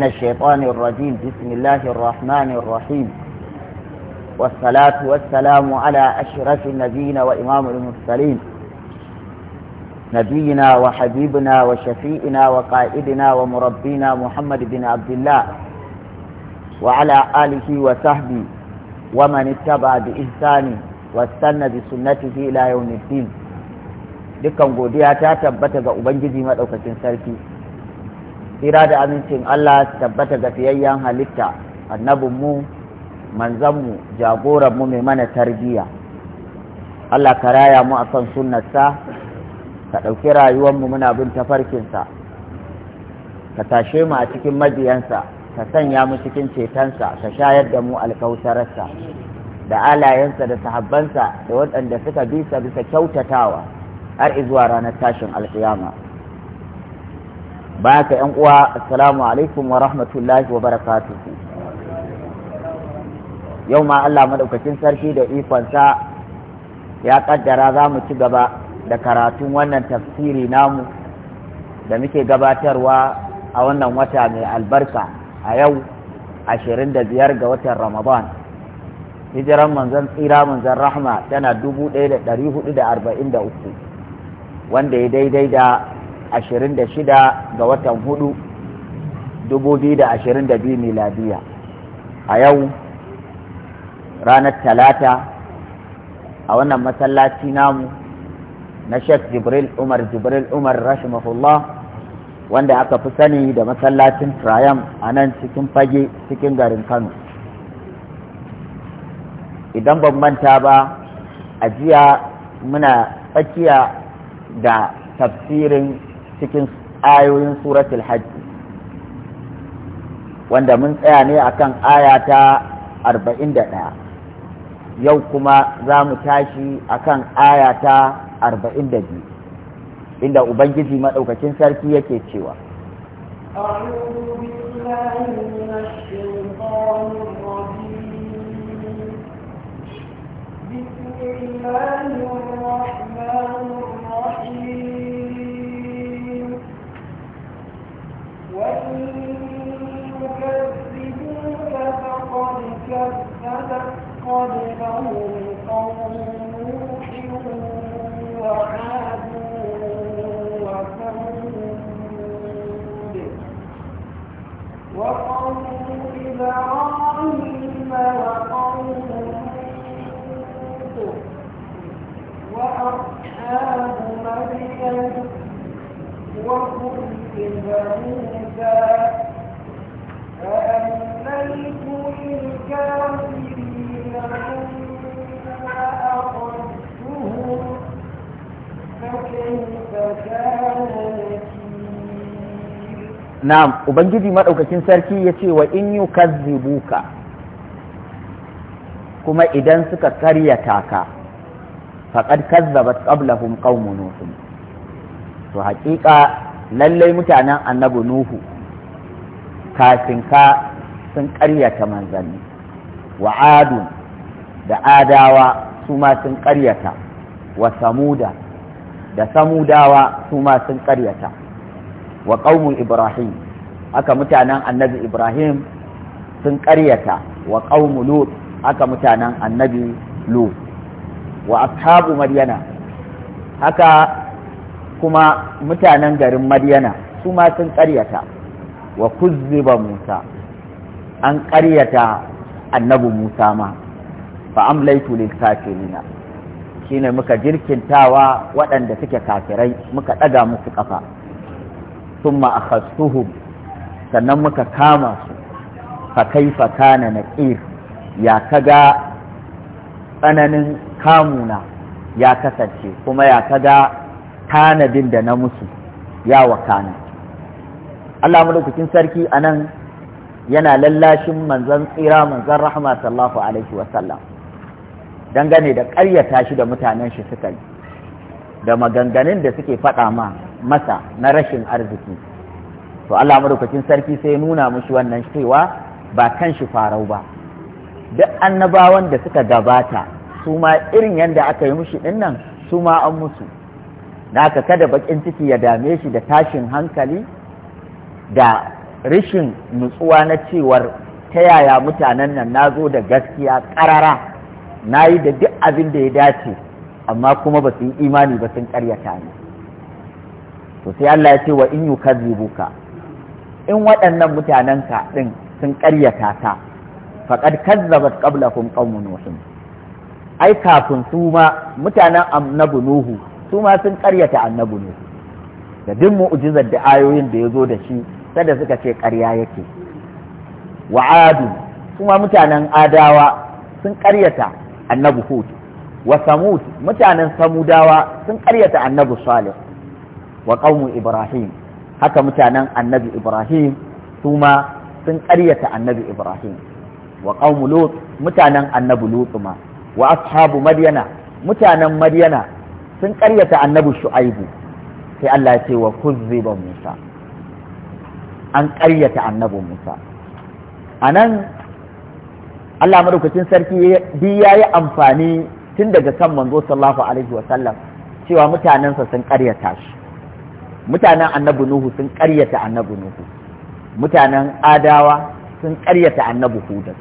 من الشيطان الرجيم بسم الله الرحمن الرحيم والصلاة والسلام على أشرف النبيين وإمام المرسلين نبينا وحبيبنا وشفيئنا وقائدنا ومربينا محمد بن عبد الله وعلى آله وصحبه ومن اتبع بإحسانه واستنى بسنته إلى يوم الدين لكم قد يأتي tabbata أبنجزي ما أوكتن سلكي tsira da amincin Allah tabbata ga fiyayyen halitta annabinmu manzanmu jagoranmu mai mana tarbiyya Allah ka raya mu akan kan sunnarsa ka ɗauki rayuwanmu muna bin tafarkinsa ka tashe mu a cikin mabiyansa ka sanya mu cikin cetonsa ka shayar da mu alkautararsa da alayensa da sahabbansa da waɗanda suka bisa bisa kyautatawa har izuwa ranar tashin alkiyama. baka ka yan uwa assalamu alaikum wa rahmatullahi wa barakatuhu yau ma Allah madaukakin sarki da ikonsa ya kaddara za mu ci gaba da karatun wannan tafsiri namu da muke gabatarwa a wannan wata mai albarka a yau 25 ga watan ramadan hijiran manzan tsira manzon rahma tana 1443 wanda ya daidai da 26 ga watan 4 2022 miladiya a yau ranar talata a wannan masallaci namu na Sheikh Jibril Umar Jibril Umar rashimahullah wanda aka fi sani da masallacin Triam a nan cikin fage cikin garin Kano idan ban manta ba a jiya muna tsakiya da tafsirin cikin ayoyin suratul hajj wanda mun tsaya ne akan aya ta 41 yau kuma za mu tashi akan aya ta 42 inda ubangiji maɗaukacin sarki yake cewa أعوذ قبلهم قوم نوح وعاد وثمود وأصحاب موسى فأمليت للكافرين Na'am, Ubangiji maɗaukakin sarki ya ce wa in yi kazzibuka kuma idan suka karyata ka, faƙad kazzabat ƙablahun qaumu Nuhu. To haƙiƙa lallai mutanen annabu Nuhu kafin ka sun karyata manzanni, wa adun da adawa su ma sun karyata. wa samuda da samudawa su ma sun karyata. wa ƙaumun ibrahim aka mutanen annabi ibrahim sun karyata. wa ƙaumun lut aka mutanen annabi lut wa ashabu maryana haka kuma mutanen garin maryana su ma sun karyata. wa kuzziba musa an karyata annabi musa ma fa amlaitu shine muka jirkintawa waɗanda suke kafirai muka ɗaga musu ƙafa thumma akhastuhum sannan muka kama su fa kaifa kana naqir ya kaga tsananin kamuna ya kasance kuma ya kaga tanadin da na musu ya wakana Allah madaukakin sarki a nan yana lallashin manzon tsira manzon rahama sallallahu alaihi wasallam dangane da ƙaryata shi da mutanen shi suka yi da maganganun da suke faɗa ma masa na rashin arziki to Allah madaukakin sarki sai nuna mushi wannan cewa ba kan shi farau ba duk annabawan da suka gabata su ma irin yadda aka yi mushi ɗin nan su ma an musu na kada bakin ciki ya dame shi da tashin hankali da rishin nutsuwa na cewar ta yaya mutanen nan na zo da gaskiya ƙarara na yi da duk abin da ya dace amma kuma ba su yi imani ba sun karyata ni to sai Allah ya ce wa in yukazzibuka in waɗannan mutanen ka din sun karyata ta faqad kazzabat qablakum qaum nuh ai kafin su ma mutanen annabi nuhu su ma sun karyata annabi nuhu da duk mu'jizar da ayoyin da ya zo da shi sada suka ce ƙarya yake wa adu su mutanen adawa sun ƙaryata annabi hud wa samud mutanen samudawa sun karyata annabi salih wa qaumu ibrahim haka mutanen annabi ibrahim su ma sun karyata annabi ibrahim wa qaumu lut mutanen annabi lut ma wa ashabu madyana mutanen madyana sun karyata annabi shu'aibu sai Allah ya ce wa kuzziba musa an karyata annabi musa anan Allah madaukakin sarki bi ya yi amfani tun daga kan manzo sallallahu alaihi wa sallam cewa mutanensa sun karyata shi mutanen annabi nuhu sun karyata annabi nuhu mutanen adawa sun karyata annabi hudu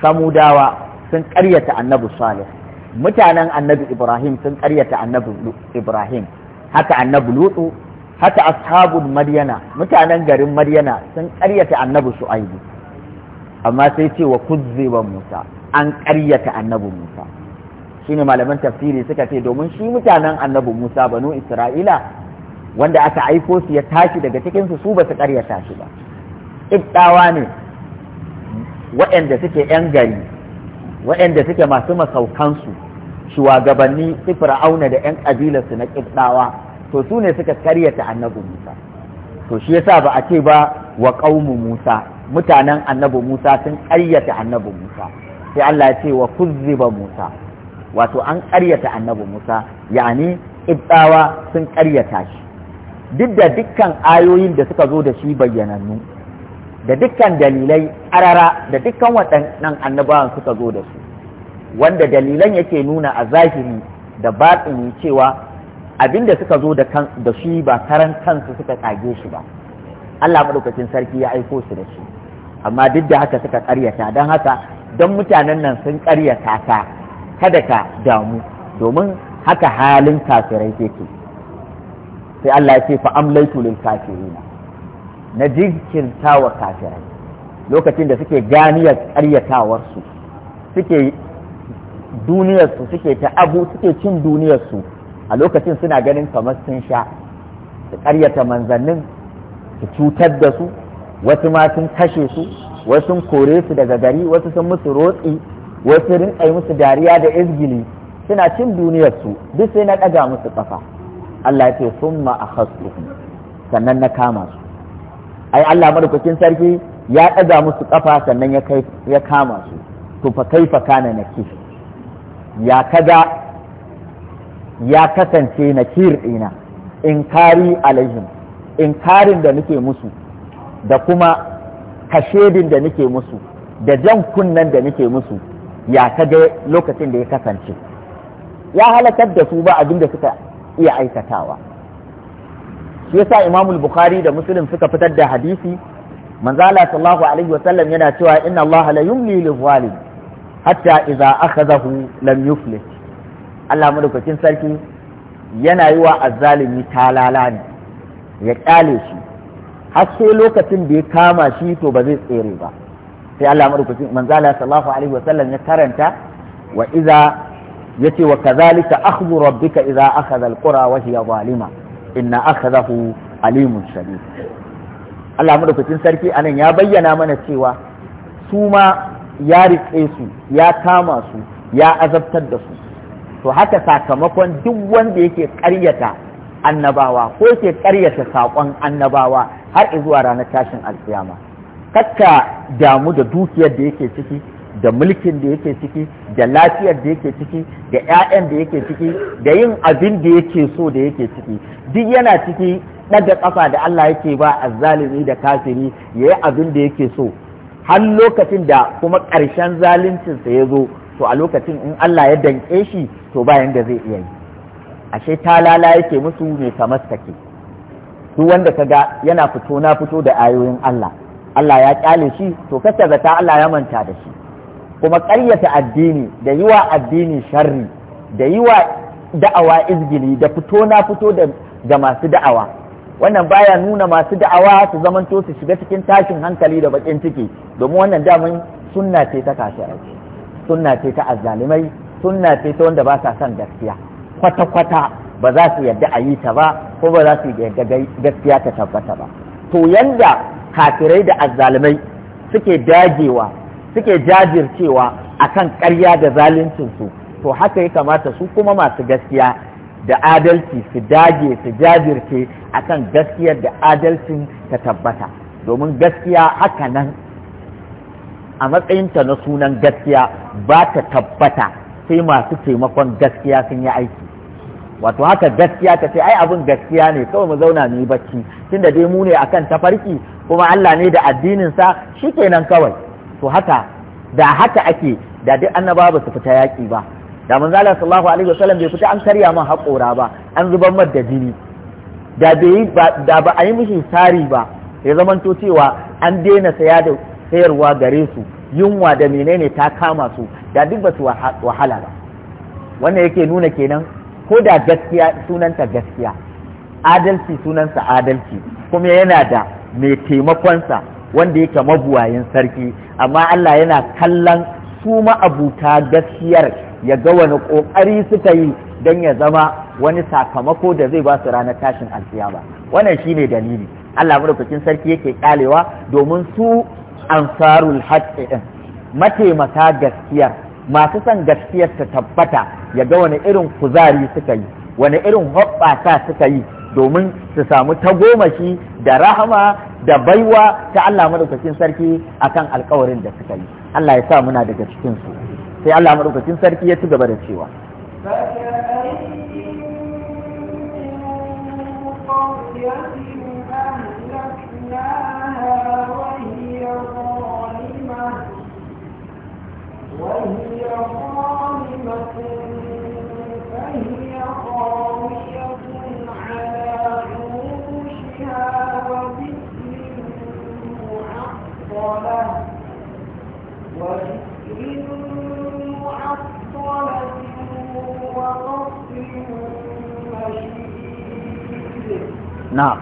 samudawa sun karyata annabi salih mutanen annabi ibrahim sun karyata annabi ibrahim haka annabi lutu haka ashabul madyana mutanen garin madyana sun karyata annabi shu'aibu amma sai ce wa kuzziba Musa an karyata annabi Musa shine malaman tafsiri suka ce domin shi mutanen annabi Musa banu Isra'ila wanda aka aiko su ya tashi daga cikin su su ba su ƙaryata shi ba ibtawa ne waɗanda suke yan gari waɗanda suke masu masaukan su, shugabanni su fir'auna da yan kabilarsu na ƙibɗawa to su ne suka karyata annabi Musa to shi yasa ba a ce ba wa ƙaumu Musa mutanen annabi Musa sun ƙaryata annabi Musa sai Allah ya ce wa kuzziba Musa wato an ƙaryata annabi Musa yani ibtawa sun ƙaryata shi duk da dukkan ayoyin da suka zo da shi bayyanannu da dukkan dalilai arara da dukkan waɗannan annabawan suka zo da su wanda dalilan yake nuna a zahiri da batsini cewa abin da suka zo da shi ba karan kansu suka kage shi ba Allah maɗaukacin sarki ya aiko su da shi amma duk da haka suka karyata don haka don mutanen nan sun karyata ta kada ka damu domin haka halin kafirai yake sai Allah ya ce fa amlaitu lil kafirina na jinkirta wa kafirai lokacin da suke ganiyar karyatawarsu suke duniyarsu suke ta abu suke cin duniyarsu a lokacin suna ganin kamar sun sha su karyata manzannin su cutar da su wasu ma sun kashe su wasu sun kore su daga gari wasu sun musu rotsi wasu rinƙa yi musu dariya da izgili suna cin duniyar su duk sai na ɗaga musu ƙafa Allah ya ce sun ma'akhasuhum sannan na kama su ai Allah madaukakin sarki ya ɗaga musu ƙafa sannan ya kama su to fa kaifa kana nakir ya kaga ya kasance nakir ɗina inkari alaihim inkarin da nake musu da kuma kashedin da nake musu da jan kunnen da nake musu ya ta ga lokacin da ya kasance ya halakar da su ba abin da suka iya aikatawa shi yasa imamul bukhari da muslim suka fitar da hadisi manzala sallallahu alaihi wasallam yana cewa inna allaha la yumli lil zalim hatta idza akhadahu lam yuflih Allah madaukakin sarki yana yi wa azzalimi talala ne ya kyale shi har sai lokacin da ya kama shi to ba zai tsere ba sai Allah madaukakin manzo Allah sallallahu alaihi wasallam ya karanta wa iza yace wa kazalika, akhdhu rabbika idza akhadha alqura wa hiya zalima inna akhadhahu alimun shadid Allah madaukakin sarki anan ya bayyana mana cewa su ma ya riƙe su ya kama su ya azabtar da su to haka sakamakon duk wanda yake ƙaryata annabawa ko ke karyata saƙon annabawa har zuwa ranar tashin alkiyama kakka damu da dukiyar da yake ciki da mulkin da yake ciki da lafiyar da yake ciki da 'ya'yan da yake ciki da yin abin da yake so da yake ciki duk yana ciki ɗaga ƙafa da Allah yake ba a azzalimi da kafiri ya yi abin da yake so har lokacin da kuma ƙarshen zaluncinsa ya zo to a lokacin in Allah ya danƙe shi to bayan da zai iya yi ashe talala yake musu mai tamassake duk wanda ka ga yana fito na fito da ayoyin Allah Allah ya kyale shi to kasa zata Allah ya manta da shi kuma ƙaryata addini da yiwa addini sharri da yiwa da'awa izgili da fito na fito da masu da'awa wannan baya nuna masu da'awa su zamanto su shiga cikin tashin hankali da bakin ciki domin wannan daman sunna ce ta kashe sunna ce ta azzalimai sunna ce ta wanda ba sa son gaskiya kwata-kwata ba za su yadda a yi ta ba ko ba za su yadda gaskiya ta tabbata ba to yanda kafirai da azzalumai suke dagewa suke jajircewa akan karya da su to haka ya kamata su kuma masu gaskiya da adalci su dage su jajirce akan gaskiyar da adalcin ta tabbata domin gaskiya haka nan a matsayinta na sunan gaskiya ba ta tabbata sai masu taimakon gaskiya sun yi aiki wato haka gaskiya ta ce ai abin gaskiya ne kawai mu zauna mu yi bacci tunda dai mu ne akan tafarki kuma Allah ne da addinin sa shikenan kawai to haka da haka ake da duk annaba ba su fita yaki ba da manzo Allah sallallahu alaihi wasallam bai fita an karya man haƙora ba an zubar mar da jini da bai da ba a yi mishi sari ba ya zamanto cewa an daina saya da sayarwa gare su yunwa da menene ta kama su da duk ba su wahala ba wannan yake nuna kenan ko da gaskiya sunanta gaskiya adalci sunansa adalci kuma yana da mai taimakonsa wanda yake mabuwayin sarki amma Allah yana kallon su ma'abuta gaskiyar ya ga wani ƙoƙari suka yi don ya zama wani sakamako da zai ba su ranar tashin alkiyama wannan shine dalili Allah madaukakin sarki yake kalewa domin su ansarul haqqi mataimaka gaskiyar masu son gaskiyar ta tabbata ya ga wani irin kuzari suka yi wani irin hoɓɓasa suka yi domin su samu tagomashi da rahama da baiwa ta Allah madaukakin sarki akan alkawarin da suka yi Allah ya sa muna daga cikin su sai Allah madaukakin sarki ya ci gaba da cewa فهي على عروشها معطلة معطلة مشيد نعم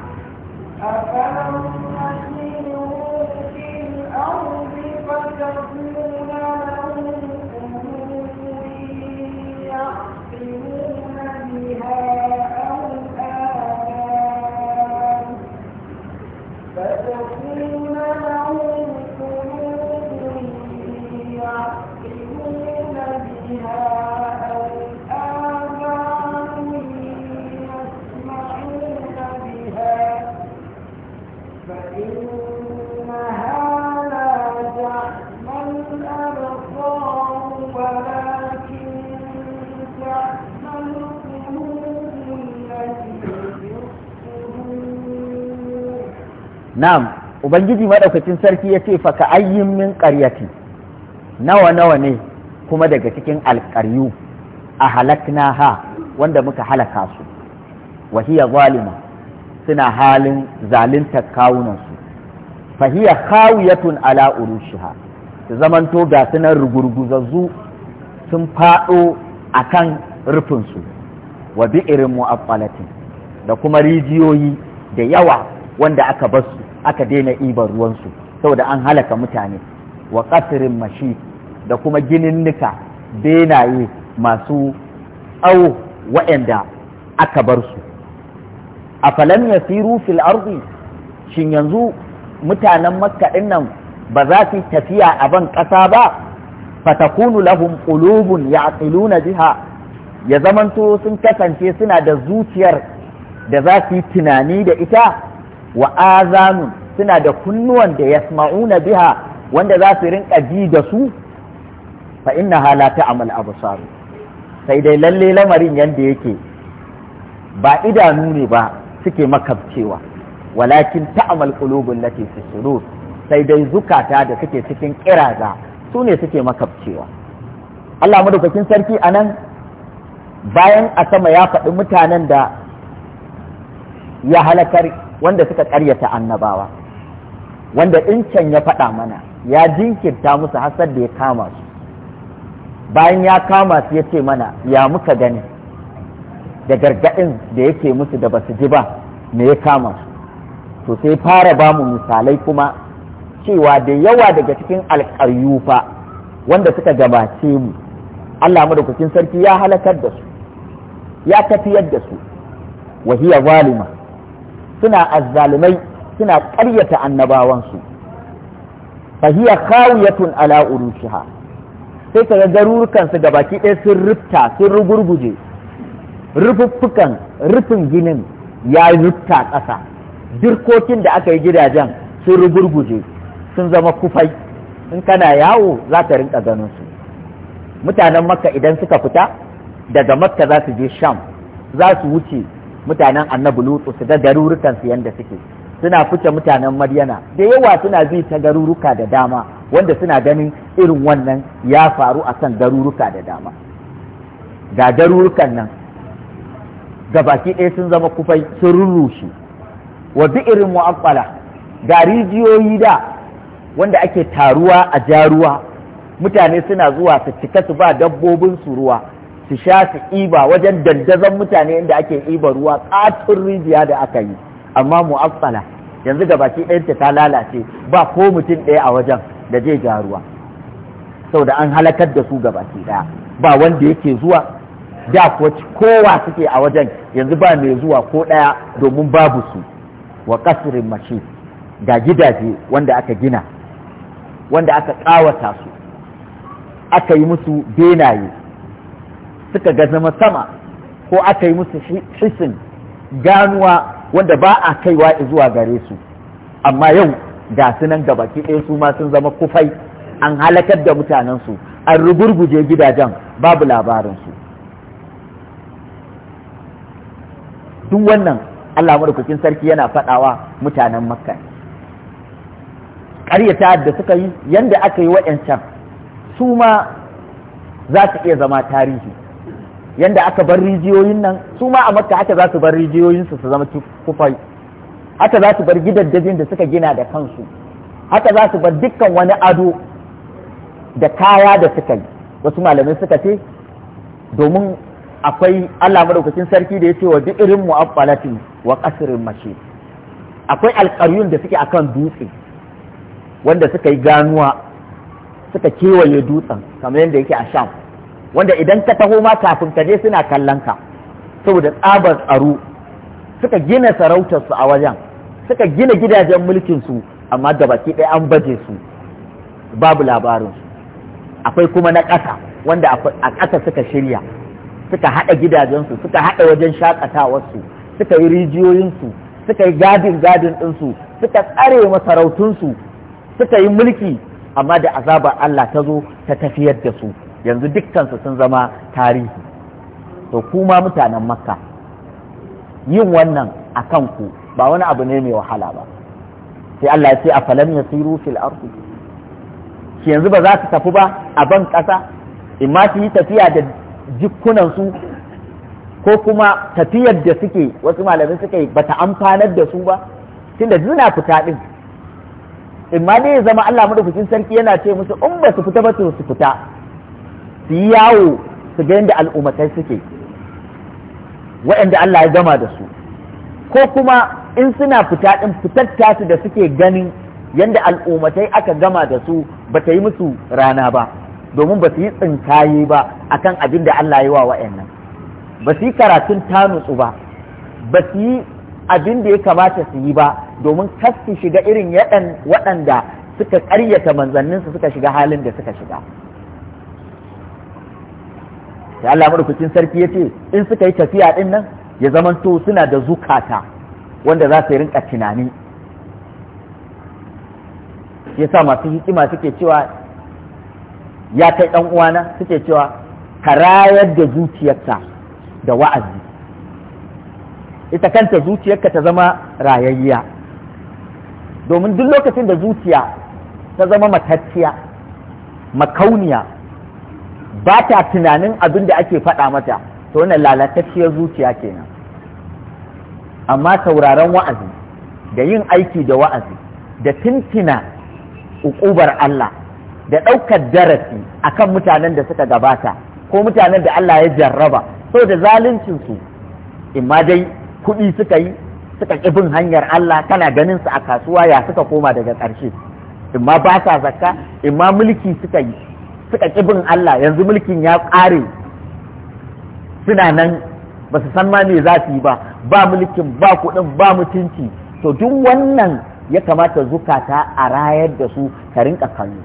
أفلم نسيروا في الأرض فتكون يستغفرون na'am ubangiji maɗaukacin sarki ya ce faka ayyin min ƙaryati nawa nawa ne kuma daga cikin alƙaryu a halakna ha wanda muka halaka su wa zalima suna halin zalunta kawunansu fahiya hiya khawiyatun ala urushiha su zamanto ga sunan rugurguzazzu sun faɗo a kan rufinsu wa bi'irin mu'affalatin da kuma rijiyoyi da yawa wanda aka basu aka daina ibar ruwansu saboda an halaka mutane wa kasirin mashi da kuma ginin nika benaye masu tsawo waɗanda aka bar su a falam ya fi fil ardi shin yanzu mutanen makka nan ba za su tafiya a ban ƙasa ba fatakunu lahum ya ya'qiluna biha ya zamanto sun kasance suna da zuciyar da za su yi tunani da ita wa azanun suna da kunnuwan da yasma'una biha wanda za su rinka ji da su fa inna halata amal absar sai dai lalle lamarin yadda yake ba idanu ne ba suke makabcewa walakin ta'mal qulubul lati fi sai dai zukata da suke cikin kiraza su ne suke makabcewa Allah madaukakin sarki anan bayan a sama ya faɗi mutanen da ya halakar wanda suka karyata annabawa wanda in ya faɗa mana ya jinkirta musu hasar da ya kama su bayan ya kama su ya ce mana ya muka gani da gargaɗin da yake musu da basu ji ba me ya kama su to sai fara ba mu misalai kuma cewa da yawa daga cikin alƙaryu fa wanda suka gabace mu Allah madaukakin sarki ya halakar da su ya tafiyar da su wahiya zalima suna azzalumai suna ƙaryata annabawansu fahiya khawiyatun ala urushiha sai kaga garurukansu su gabaki ɗaya sun rufta sun rugurguje rufuffukan rufin ginin ya rufta ƙasa dirkokin da aka yi gidajen sun rugurguje sun zama kufai in kana yawo za ka rinka ganin mutanen makka idan suka fita daga makka za su je sham za su wuce mutanen annabi lutsu su ga garurukan su yanda suke suna fice mutanen maryana da yawa suna bi ta garuruka da dama wanda suna ganin irin wannan ya faru a kan garuruka da dama ga garurukan nan ga baki ɗaya sun zama kufai sun rurrushe wa bi irin mu'affala ga rijiyoyi da wanda ake taruwa a jaruwa mutane suna zuwa su cika su ba dabbobin su ruwa su sha su iba wajen dandazon mutane inda ake iba ruwa katon rijiya da aka yi amma mu'affala yanzu da baki ɗayanta ta lalace ba ko mutum ɗaya a wajen da zai ja ruwa da an halakar da su ga baki ɗaya ba wanda yake zuwa da kuwa kowa suke a wajen yanzu ba mai zuwa ko ɗaya domin babu su wa kasirin mashi ga gidaje wanda aka gina wanda aka ƙawata su aka yi musu benaye suka ga zama sama ko aka yi musu hisin ganuwa wanda ba a kaiwa zuwa gare su amma yau ga su nan gabaki ɗaya su ma sun zama kufai an halakar da mutanensu an ruburguje gidajen babu labarinsu duk wannan Allah madaukakin sarki yana faɗawa mutanen makka ƙaryata da suka yi yadda aka yi wa'yancan su ma za su iya zama tarihi yanda aka bar rijiyoyin nan su ma a makka haka za su bar rijiyoyinsu su zama kufai haka za su bar gidaddajin da suka gina da kansu haka za su bar dukkan wani ado da kaya da suka yi wasu malamai suka ce domin akwai Allah madaukakin sarki da ya ce wa duk irin mu'abbalatin wa qasrin mashi akwai alƙaryun da suke akan dutse wanda suka yi ganuwa suka kewaye dutsen kamar yadda yake a sham wanda idan ka taho ma kafin ka je suna kallon ka saboda tsabar tsaro suka gina sarautarsu a wajen suka gina gidajen mulkin su, amma da baki ɗaya an baje su babu su, akwai kuma na ƙasa wanda a ƙasa suka shirya suka haɗa gidajensu suka haɗa wajen shakatawarsu suka yi rijiyoyinsu suka yi gadin gadin ɗinsu suka tsare masarautunsu suka yi mulki amma da azabar Allah ta zo ta tafiyar da su yanzu dukkansu sun zama tarihi to kuma mutanen makka yin wannan a kanku ba wani abu ne mai wahala ba sai Allah ya ce a falam ya siru fil ardi shi yanzu ba za su tafi ba a ban kasa in ma su yi tafiya da jikunansu ko kuma tafiyar da suke wasu malamai suka yi bata amfanar da su ba tunda suna fita din in ma dai ya zama Allah madaukakin sarki yana ce musu in ba su fita ba su fita su yi yawo su ga yadda al'ummatai suke waɗanda Allah ya gama da su ko kuma in suna fita ɗin fitar tasu da suke ganin yadda al'ummatai aka gama da su ba ta yi musu rana ba domin ba su yi tsinkaye ba akan abin da Allah ya wa wa'annan ba su yi karatun tanutsu ba ba su yi abin da ya kamata su yi ba domin kas shiga irin waɗanda suka ƙaryata manzanninsu suka shiga halin da suka shiga sai Allah madaukakin sarki ya ce in suka yi tafiya din nan ya zamanto suna da zukata wanda za su rinka tunani ya sa masu hikima suke cewa ya kai ɗan uwana suke cewa ka rayar da zuciyarta da wa'azi ita kanta zuciyarka ta zama rayayya domin duk lokacin da zuciya ta zama matacciya makauniya ba ta tunanin abin da ake faɗa mata to wannan lalatacciyar zuciya kenan amma sauraron wa'azi da yin aiki da wa'azi da tintina uƙubar Allah da ɗaukar darasi akan mutanen da suka gabata ko mutanen da Allah ya jarraba so da zaluncinsu imma dai kuɗi suka yi suka ƙi bin hanyar Allah kana ganin su a kasuwa ya suka koma daga ƙarshe imma ba sa zakka imma mulki suka yi suka bin Allah yanzu mulkin ya ƙare suna nan ba su san ma me za su yi ba ba mulkin ba kuɗin ba mutunci to duk wannan ya kamata zukata a rayar da su ka rinka kallo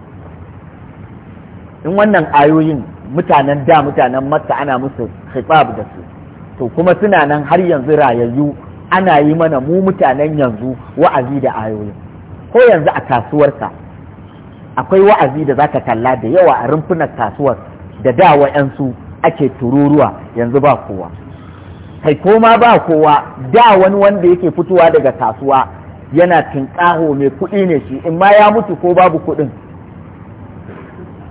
in wannan ayoyin mutanen da mutanen makka ana musu hitsab da su to kuma suna nan har yanzu rayayyu ana yi mana mu mutanen yanzu wa'azi da ayoyin ko yanzu a kasuwarka akwai wa'azi da zaka kalla da yawa a rumfunan kasuwar da da wa'yansu ake tururuwa yanzu ba kowa kai koma ba kowa da wani wanda yake fitowa daga kasuwa yana tinƙaho mai kuɗi ne shi in ma ya mutu ko babu kuɗin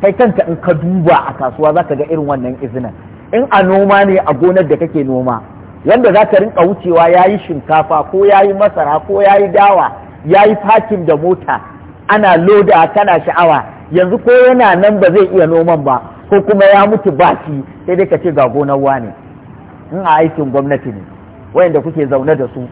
kai kanka in ka duba a kasuwa zaka ga irin wannan izinin in a noma ne a gonar da kake noma yadda za ka rinka wucewa ya yi shinkafa ko ya yi masara ko ya yi dawa ya yi fakin da mota ana loda tana sha'awa yanzu ko yana nan ba zai iya noman ba ko kuma ya mutu ba shi sai dai ka ce ga gonar wane in a aikin gwamnati ne wayanda kuke zaune da su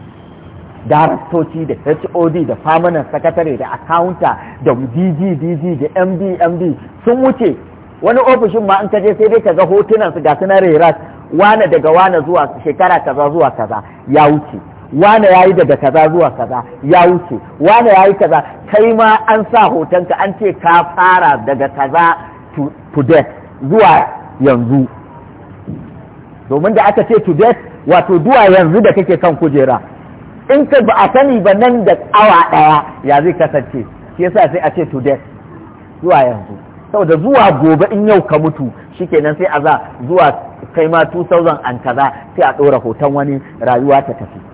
daraktoci da hod da famunan sakatare da akawunta da dg dg da md md sun wuce wani ofishin ma in ka je sai dai ka ga hotunan su ga su na wane daga wane zuwa shekara kaza zuwa kaza ya wuce wane ya yi daga kaza zuwa kaza ya wuce wane ya yi kaza kai ma an sa hotonka an ce ka fara daga kaza to death zuwa yanzu domin da aka ce to death wato zuwa yanzu da kake kan kujera in ka ba a sani ba nan da awa daya ya zai kasance shi yasa sai a ce to death zuwa yanzu saboda zuwa gobe in yau ka mutu shikenan sai a za zuwa kai ma 2000 an kaza sai a ɗora hoton wani rayuwa ta tafi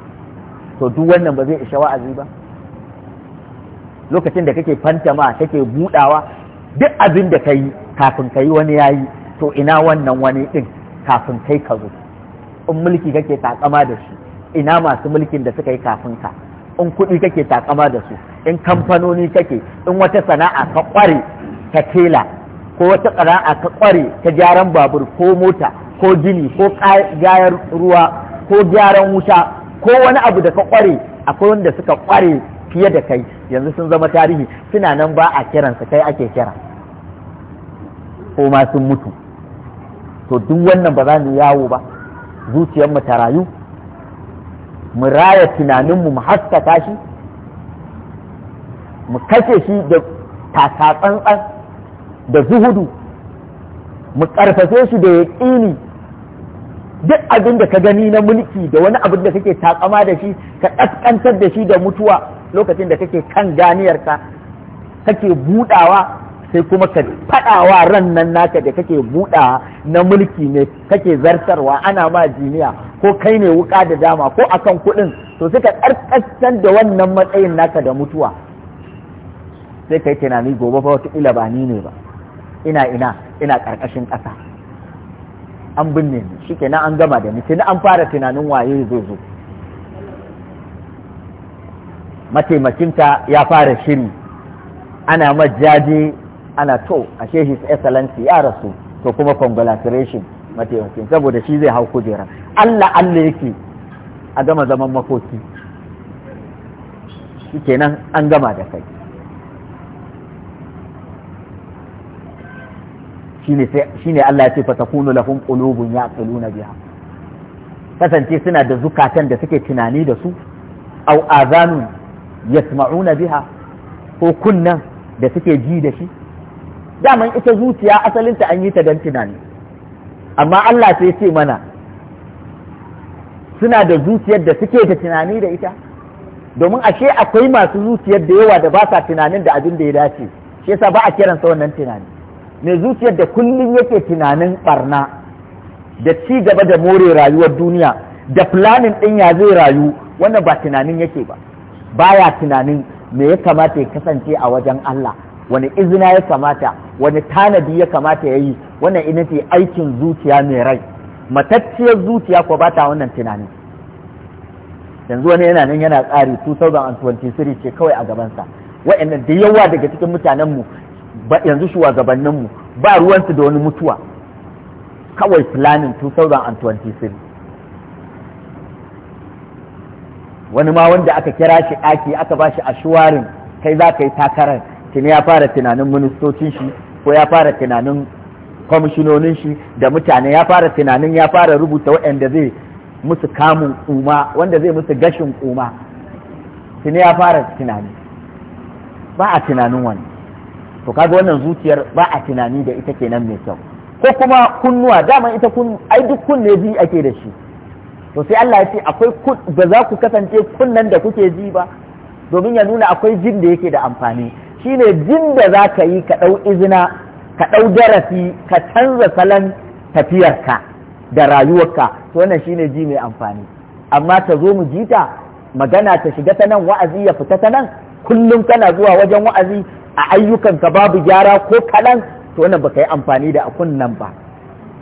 to duk wannan ba zai isha wa'azi ba lokacin da kake fantama kake budawa duk abin da kayi kafin kai wani yayi to ina wannan wani din kafin kai ka zo in mulki kake takama da shi ina masu mulkin da suka yi kafin ka in kuɗi kake takama da su in kamfanoni kake in wata sana'a ka kware ka tela ko wata sana'a ka kware ta gyaran babur ko mota ko gini ko gyaran ruwa ko gyaran wuta ko wani abu da ka kware akwai wanda suka kware fiye da kai yanzu sun zama tarihi suna nan ba a kiransa kai ake kira ko ma sun mutu to duk wannan ba za mu yawo ba Zuciyar mu ta rayu mu raya tunanin mu mu haskaka shi mu kashe shi da taka da zuhudu mu ƙarfafe shi da yaƙini duk abin da ka gani na mulki da wani abin da kake takama da shi ka ƙasƙantar da shi da mutuwa lokacin da kake kan ganiyarka kake budawa sai kuma ka fadawa ran nan naka da kake buɗawa na mulki ne kake zartarwa ana ma jiniya ko kai ne wuka da dama ko akan kuɗin to sai ka karkasar da wannan matsayin naka da mutuwa sai kai tunani gobe fa wata ba ni ne ba ina ina ina ƙarƙashin ƙasa an binne ni shikenan an gama da ni tuni an fara tunanin waye zai zo mataimakinta ya fara shiri ana majaji ana to she his excellency ya rasu to kuma congratulation mataimakin saboda shi zai hau kujera Allah Allah yake a gama zaman makoki shikenan an gama da kai shine shine Allah ya ce fa takunu lahum qulubun yaquluna biha kasance suna da zukatan da suke tunani da su au azanun yasma'una biha ko kunnan da suke ji da shi daman ita zuciya asalinta an yi ta dan tunani amma Allah sai ce mana suna da zuciyar da suke da tunani da ita domin ashe akwai masu zuciyar da yawa da ba sa tunanin da abin da ya dace shi yasa ba a kiransa wannan tunani mai zuciyar da kullum yake tunanin barna da ci gaba da more rayuwar duniya da planin ɗin ya zai rayu wannan ba tunanin yake ba baya tunanin me ya kamata ya kasance a wajen Allah wani izina ya kamata wani tanadi ya kamata ya yi wannan ina ce aikin zuciya mai rai matacciyar zuciya ko ba ta wannan tunani yanzu wani yana nan yana tsari 2023 ce kawai a gabansa wa'annan da yawa daga cikin mutanenmu yanzu gabaninmu ba ruwansu da wani mutuwa kawai planning 2023 wani ma wanda aka kira shi ɗaki aka ba shi ashuwarin kai za ka yi takarar tuni ya fara tunanin ministocin shi ko ya fara tunanin kwamishinonin shi da mutane ya fara tunanin ya fara rubuta waɗanda zai musu kamun kuma wanda zai musu gashin kuma tuni ya fara tunani ba a tunanin wani to kaga wannan zuciyar ba a tunani da ita kenan mai kyau ko kuma kunnuwa dama ita kun ai duk kunne ji ake da shi to sai Allah ya ce akwai ba za ku kasance kunnan da kuke ji ba domin ya nuna akwai jin da yake da amfani shine jin da za ka yi ka ɗau izina ka ɗau darasi ka canza salon tafiyarka da rayuwarka to wannan shine ji mai amfani amma ta zo mu ji ta magana ta shiga ta nan wa'azi ya fita ta nan kullum kana zuwa wajen wa'azi a ayyukanka babu gyara ko kaɗan to wannan baka yi amfani da akun nan ba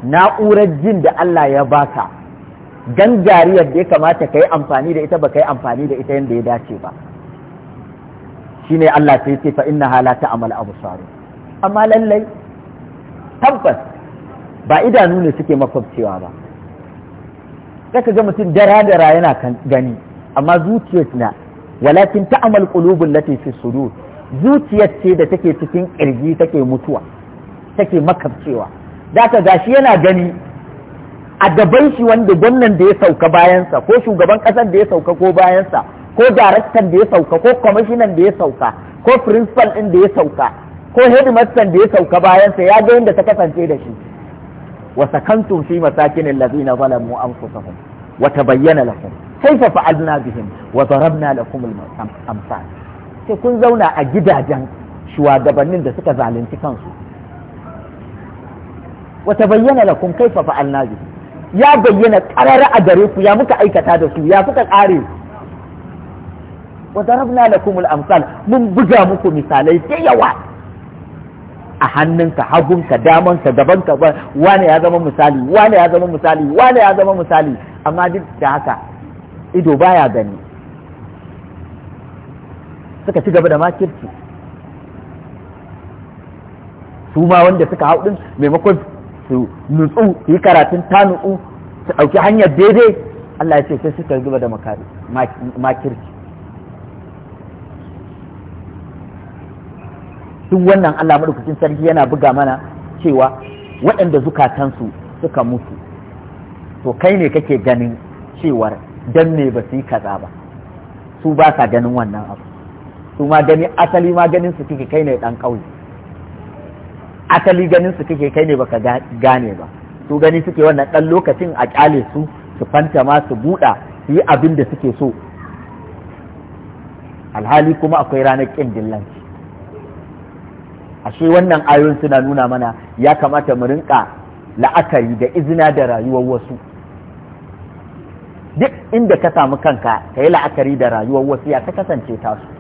na'urar jin da Allah ya baka gangariyar da ya kamata ka yi amfani da ita baka yi amfani da ita yadda ya dace ba shine Allah sai ce fa inna halata amal absar amma lallai tabbas ba idanu ne suke makwabcewa ba zaka ga mutum dara dara yana gani amma zuciyar na walakin ta ta'amal qulubul lati fi sudur zuciyar ce da take cikin kirji take mutuwa take makarcewa da ka gashi yana gani a gaban shi wanda gwamnan da ya sauka bayansa ko shugaban ƙasar da ya sauka ko bayansa ko daraktan da ya sauka ko kwamishinan da ya sauka ko firinsifal ɗin da ya sauka ko headmaster da ya sauka bayansa ya ga yadda ta kasance da shi wa sakantum fi masakin allazina zalamu anfusahum wa tabayyana lakum kayfa fa'alna bihim wa darabna lakum al-amsal sai kun zauna a gidajen shugabannin da suka zalunci kansu wata bayyana kun kai fafa alnazi ya bayyana ƙarara a gare ku ya muka aikata da su ya suka ƙare wata darabna da al-amsal mun buga muku misalai da yawa a hannunka hagunka damanka gabanka ba wane ya zama misali wane ya zama misali wane ya zama misali amma duk da haka ido baya gani suka ci gaba da makirci su ma wanda suka hau maimakon su nutsu su yi karatun ta nutsu su ɗauki hanyar daidai Allah ya ce sai suka zuba da makirci duk wannan Allah maɗaukacin sarki yana buga mana cewa waɗanda zukatansu suka mutu to kai ne kake ganin cewar dan ne ba su yi kaza ba su ba sa ganin wannan abu su ma gani asali ma ganin su kike kai ne dan kauye asali ganin su kike kai ne baka gane ba su gani suke wannan dan lokacin a kyale su su fanta ma su buɗa su yi abin da suke so alhali kuma akwai ranar ƙin dillanci ashe wannan ayoyin suna nuna mana ya kamata mu rinka la'akari da izina da rayuwar wasu duk inda ka samu kanka ka yi la'akari da rayuwar wasu ya ka kasance tasu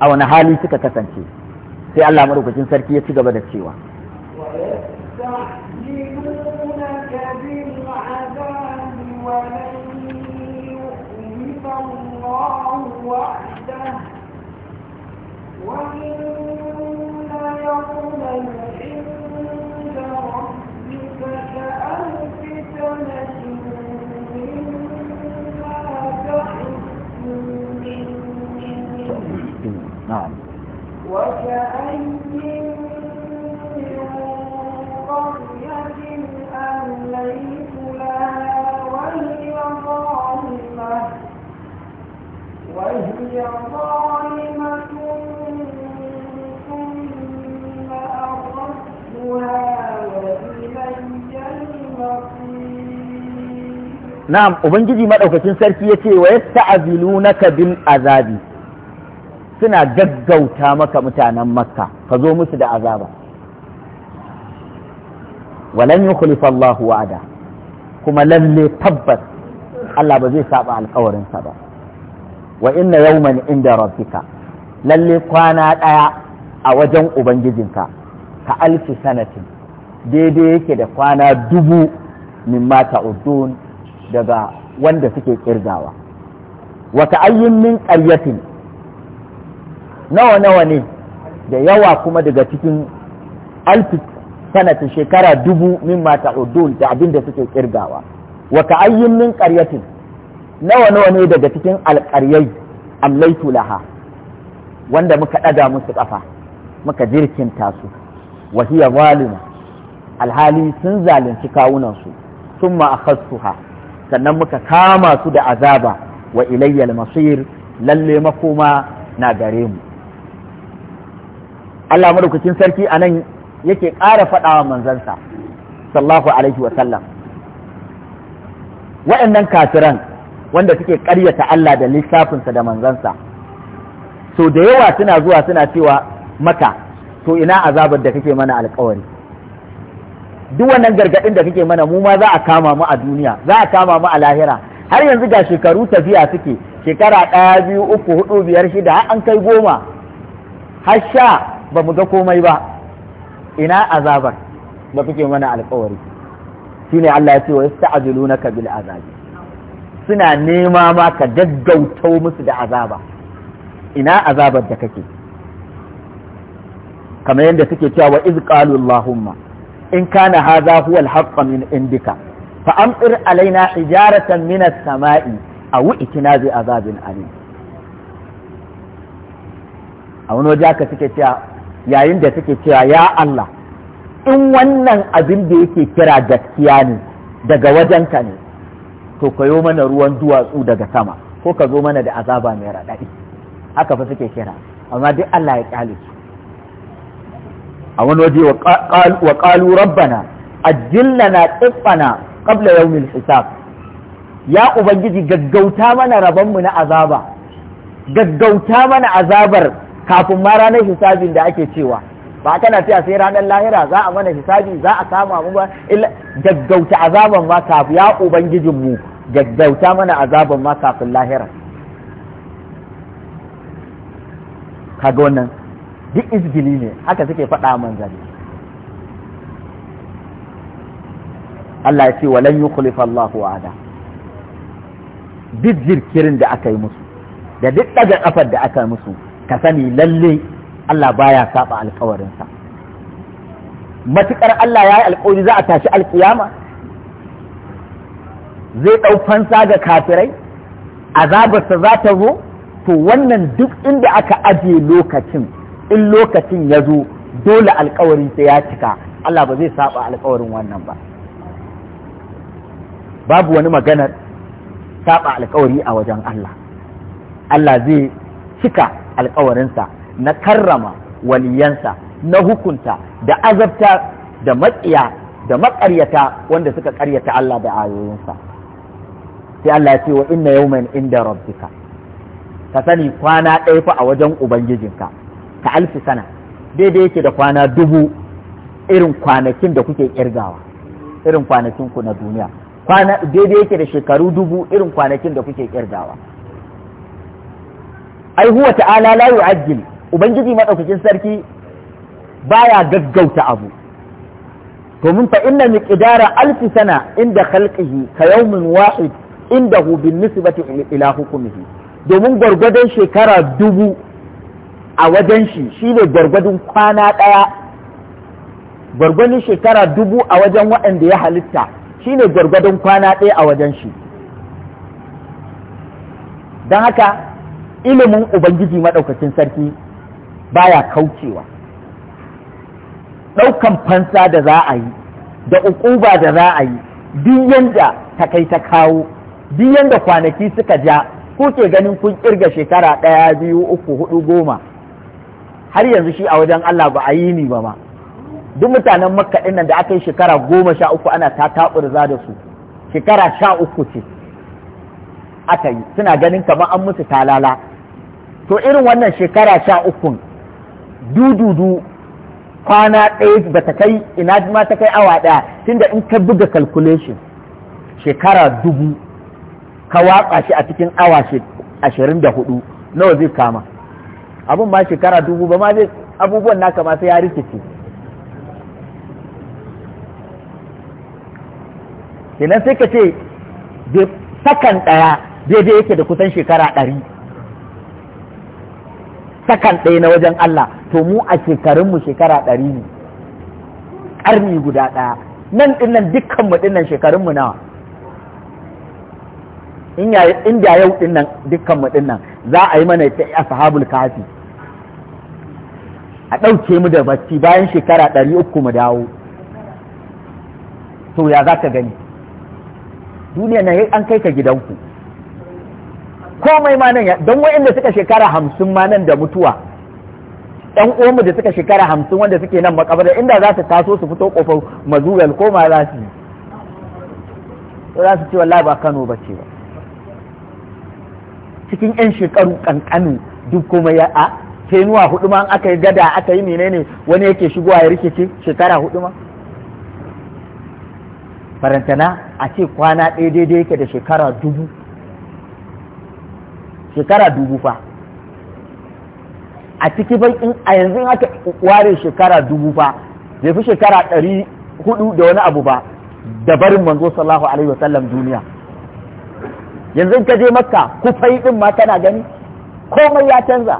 a wani hali suka kasance sai Allah madaukakin sarki ya ci gaba da cewa وإن يوما عند ربك كألف سنة نعم قرية أمليت لها وهي ظالمة وهي ظالمة ثم نعم وبنجي مدعوكتين سركي يتي ويستعذلونك بالعذاب suna gaggauta maka mutanen makka ka zo musu da azaba walan yukhlifa Allah wa'ada kuma lalle tabbas Allah ba zai saba alkawarinsa ba wa inna yawman inda rabbika lalle kwana ɗaya a wajen ubangijinka ka alfi sanatin daidai yake da kwana dubu min mata daga wanda suke kirgawa wata ayyin min ƙaryatin nawa nawa ne da yawa kuma daga cikin alfi sanata shekara dubu min mata udul da abin da suke kirgawa wa ka ayyin min qaryatin nawa nawa ne daga cikin alƙaryai amlaitu laha wanda muka ɗaga musu ƙafa muka jirkinta su wa hiya zalima alhali sun zalunci kawunansu sun ma'akhastuha sannan muka kama su da azaba wa ilayyal masir lalle makoma na gare mu Allah madaukakin sarki a nan yake ƙara faɗawa manzansa sallallahu alaihi wa sallam waɗannan kafiran wanda suke ƙaryata Allah da lissafinsa da manzansa so da yawa suna zuwa suna cewa maka to ina azabar da kake mana alkawari duk wannan gargaɗin da kake mana mu ma za a kama mu a duniya za a kama mu a lahira har yanzu ga shekaru tafiya suke shekara ɗaya biyu uku hudu biyar shida har an kai goma har sha ba mu ga komai ba ina azabar Ba kuke mana alkawari ne Allah ya ce wa yasta'jilunaka bil azabi suna nema ma ka gaggauta musu da azaba ina azabar da kake kamar yadda suke cewa wa iz qalu allahumma in kana hadha huwa al min indika fa amtir alaina hijaratan min as-sama'i aw itina bi azabin alim a wani waje aka suke cewa yayin da suke cewa ya Allah in wannan abin da yake kira gaskiya ne daga wajenka ne to ka yo mana ruwan duwatsu daga sama ko ka zo mana da azaba mai raɗaɗi haka fa suke kira amma duk Allah ya kyale su a wani waje wa qalu rabbana ajillana tsiffana qabla yawmil hisab ya ubangiji gaggauta mana rabonmu na azaba gaggauta mana azabar kafin ma ranar hisabin da ake cewa ba kana cewa sai ranar lahira za a mana hisabi za a kama mu ba gaggauta azaban ma kafin ya ubangijin mu gaggauta mana azaban ma kafin lahira kaga wannan duk izgili ne haka suke faɗa manzali Allah ya ce walan yukhlifa Allahu wa'ada duk jirkirin da aka yi musu da duk ɗaga ƙafar da aka yi musu ka sani lalle Allah baya saba alkawarinsa matukar Allah ya yi alkawari za a tashi alkiyama zai ɗau fansa ga kafirai azabarsa za ta zo to wannan duk inda aka ajiye lokacin in lokacin ya zo dole alƙawarin sai ya cika Allah ba zai saba alkawarin wannan ba babu wani maganar saba alkawari a wajen Allah Allah zai cika alkawarinsa na karrama waliyansa na hukunta da azabta da matsiya da maƙaryata wanda suka karyata Allah da ayoyinsa sai Allah ya ce wa inna yawman inda rabbika ka sani kwana ɗaya fa a wajen ubangijinka ka alfi sana daidai yake da kwana dubu irin kwanakin da kuke kirgawa irin kwanakin ku na duniya kwana daidai yake da shekaru dubu irin kwanakin da kuke kirgawa ai huwa ta'ala la yu'ajjil ubangiji madaukakin sarki baya gaggauta abu to mun fa inna miqdara alfi sana inda khalqihi ka yawmin wahid indahu bin nisbati ila hukumihi domin gwargwadon shekara dubu a wajen shi shine gwargwadon kwana daya gwargwadon shekara dubu a wajen waɗanda ya halitta shine gwargwadon kwana ɗaya a wajen shi don haka ilimin ubangiji maɗaukacin sarki baya kaucewa ɗaukan fansa da za a yi da uquba da za a yi duk yanda ta kai ta kawo duk yanda kwanaki suka ja kuke ganin kun ƙirga shekara ɗaya biyu uku hudu goma har yanzu shi a wajen Allah ba a yi ni ba ma duk mutanen makka ɗin nan da aka yi shekara goma sha uku ana ta taɓurza da su shekara sha uku ce aka yi suna ganin kamar an musu talala to irin wannan shekara sha uku dududu kwana ɗaya ba ta kai ina ma ta kai awa ɗaya tunda in ka buga calculation shekara dubu ka watsa shi a cikin awa ashirin da hudu nawa zai kama abun ma shekara dubu ba ma zai abubuwan naka ma sai ya rikice kenan sai ka ce sakan ɗaya daidai yake da kusan shekara ɗari sakan ɗaya na wajen Allah to mu a shekarunmu shekara ɗari ne ƙarni guda ɗaya nan ɗinnan dukkan mu ɗinnan shekarunmu nawa in da yau ɗinnan dukkan mu ɗinnan za a yi mana ta ashabul kafi a ɗauke mu da bacci bayan shekara ɗari uku mu dawo to ya za ka gani duniya na an kai ka gidanku komai ma nan don wa'inda suka shekara hamsin ma nan da mutuwa ɗan uwanmu da suka shekara hamsin wanda suke nan makabar inda za su taso su fito kofar mazugal ko ma za su za su ce wallahi ba kano ba ce ba cikin yan shekaru kankanu duk kuma ya a kenuwa hudu ma aka yi gada aka yi menene wani yake shigowa ya rikice shekara hudu ma farantana a ce kwana ɗaya daidai yake da shekara dubu shekara dubu fa a ciki bankin a yanzu aka ware shekara dubu fa bai fi shekara ɗari hudu da wani abu ba da barin manzo sallahu alaihi wasallam duniya yanzu ka je makka kufai din ma tana gani komai ya canza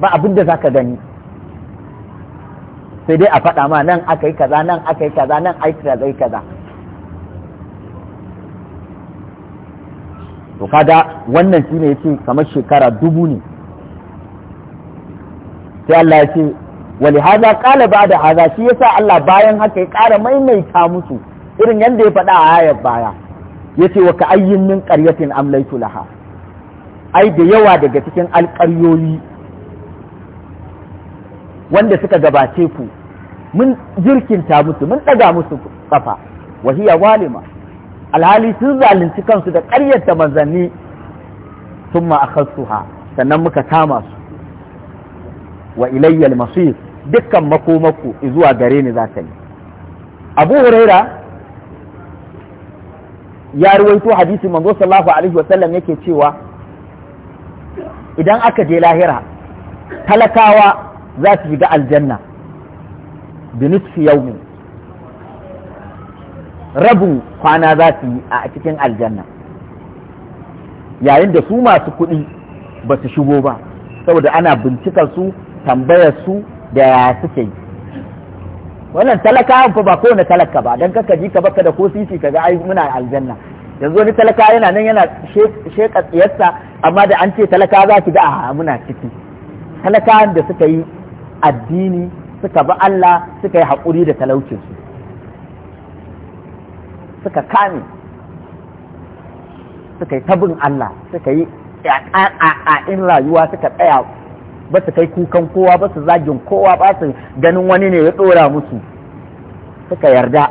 ba abin da zaka gani sai dai a faɗa ma nan aka yi kaza nan aka yi kaza nan aka yi kaza to kada wannan shine yace kamar shekara dubu ne sai Allah ya ce wali haza kala ba da haza shi yasa Allah bayan haka ya kara maimaita musu irin yadda ya faɗa a ayar baya yace wa ka'ayyin min qaryatin amlaytu laha ai da yawa daga cikin alƙaryoyi wanda suka gabace ku mun jirkinta musu mun ɗaga musu ƙafa. wa hiya walima alhali sun zalunci kansu da ƙaryata manzanni sun ha sannan muka kama su wa ilayyal masir dukkan makomako zuwa gare ni za ta yi abu huraira ya ruwaito hadisi manzo sallallahu alaihi wasallam yake cewa idan aka je lahira talakawa za su shiga aljanna bi yaumin rabin kwana za su yi a cikin aljanna yayin da su masu kuɗi ba su shigo ba saboda ana bincikar su tambayar su da ya suke yi wannan talakawa fa ba kowane talaka ba don kaka ji ka baka da ko sisi ka ga ai muna aljanna yanzu wani talaka yana nan yana sheka tsiyarsa amma da an ce talaka za ki da a muna ciki talakawan da suka yi addini suka bi Allah suka yi haƙuri da talaucinsu suka kame suka yi tabin Allah suka yi in rayuwa suka tsaya ba su kai kukan kowa ba su zagin kowa ba su ganin wani ne ya dora musu suka yarda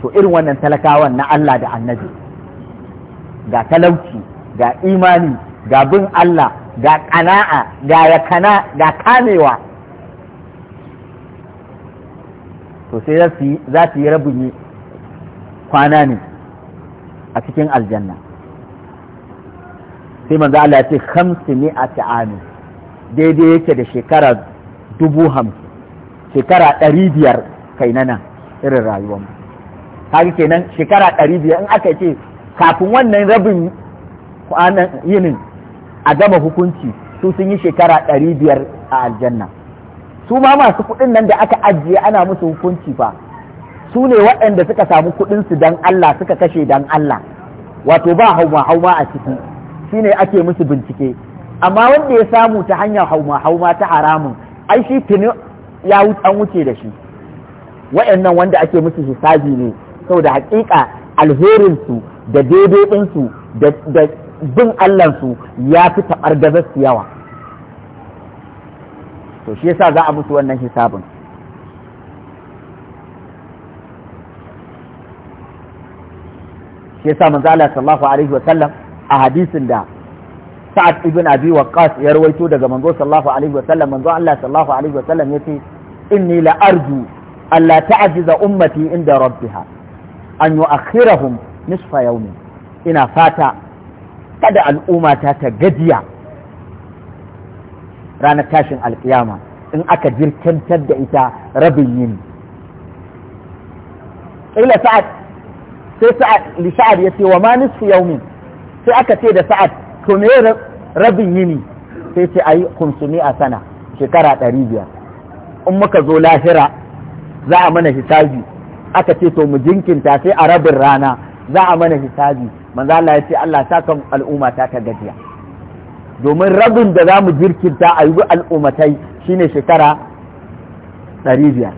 to irin wannan talakawan na Allah da annabi ga talauci ga imani ga bin Allah ga kana'a ga yakana ga kamewa to za su yi rabin kwana ne a cikin aljanna sai manzo Allah ya ce khamsi ne a ta'ani daidai yake da shekara dubu hamsin shekara ɗari biyar kai irin rayuwa irin rayuwar kaga kenan shekara ɗari biyar in aka ce kafin wannan rabin kwanan yinin a gama hukunci su sun yi shekara ɗari biyar a aljanna su ma masu kuɗin nan da aka ajiye ana musu hukunci fa su ne waɗanda suka samu kuɗin su dan Allah suka kashe dan Allah wato ba hauma hauma a ciki shine ake musu bincike amma wanda ya samu ta hanyar hauma hauma ta haramun ai shi tuni ya an wuce da shi waɗannan wanda ake musu hisabi ne saboda haƙiƙa alherinsu da daidaitinsu da bin su ya fi taɓar su yawa to shi yasa za a musu wannan hisabin shi yasa manzo Allah sallallahu alaihi wa sallam a hadisin da Sa'ad ibn Abi Waqqas ya rawaito daga manzo sallallahu alaihi wa sallam manzo Allah sallallahu alaihi wa sallam yace inni la arju alla ta'jiza ummati inda rabbiha an yu'akhirahum nisfa yawmin ina fata kada al'umma ta ta gajiya ranar tashin alkiyama in aka jirkantar da ita rabin yini ila sa'ad sai sa'ad li sa'ad yace wa ma nisfu yawmin sai aka ce da sa'ad to me rabin yini sai ce ayi kumsumi a sana shekara ɗari biyar in muka zo lahira za a mana hisabi aka ce to mu jinkinta sai a rabin rana za a mana hisabi manzo Allah ya ce Allah sa kan al'umma ta ta gajiya domin rabin da za mu jirkinta a yi al'ummatai shine shekara ɗari biyar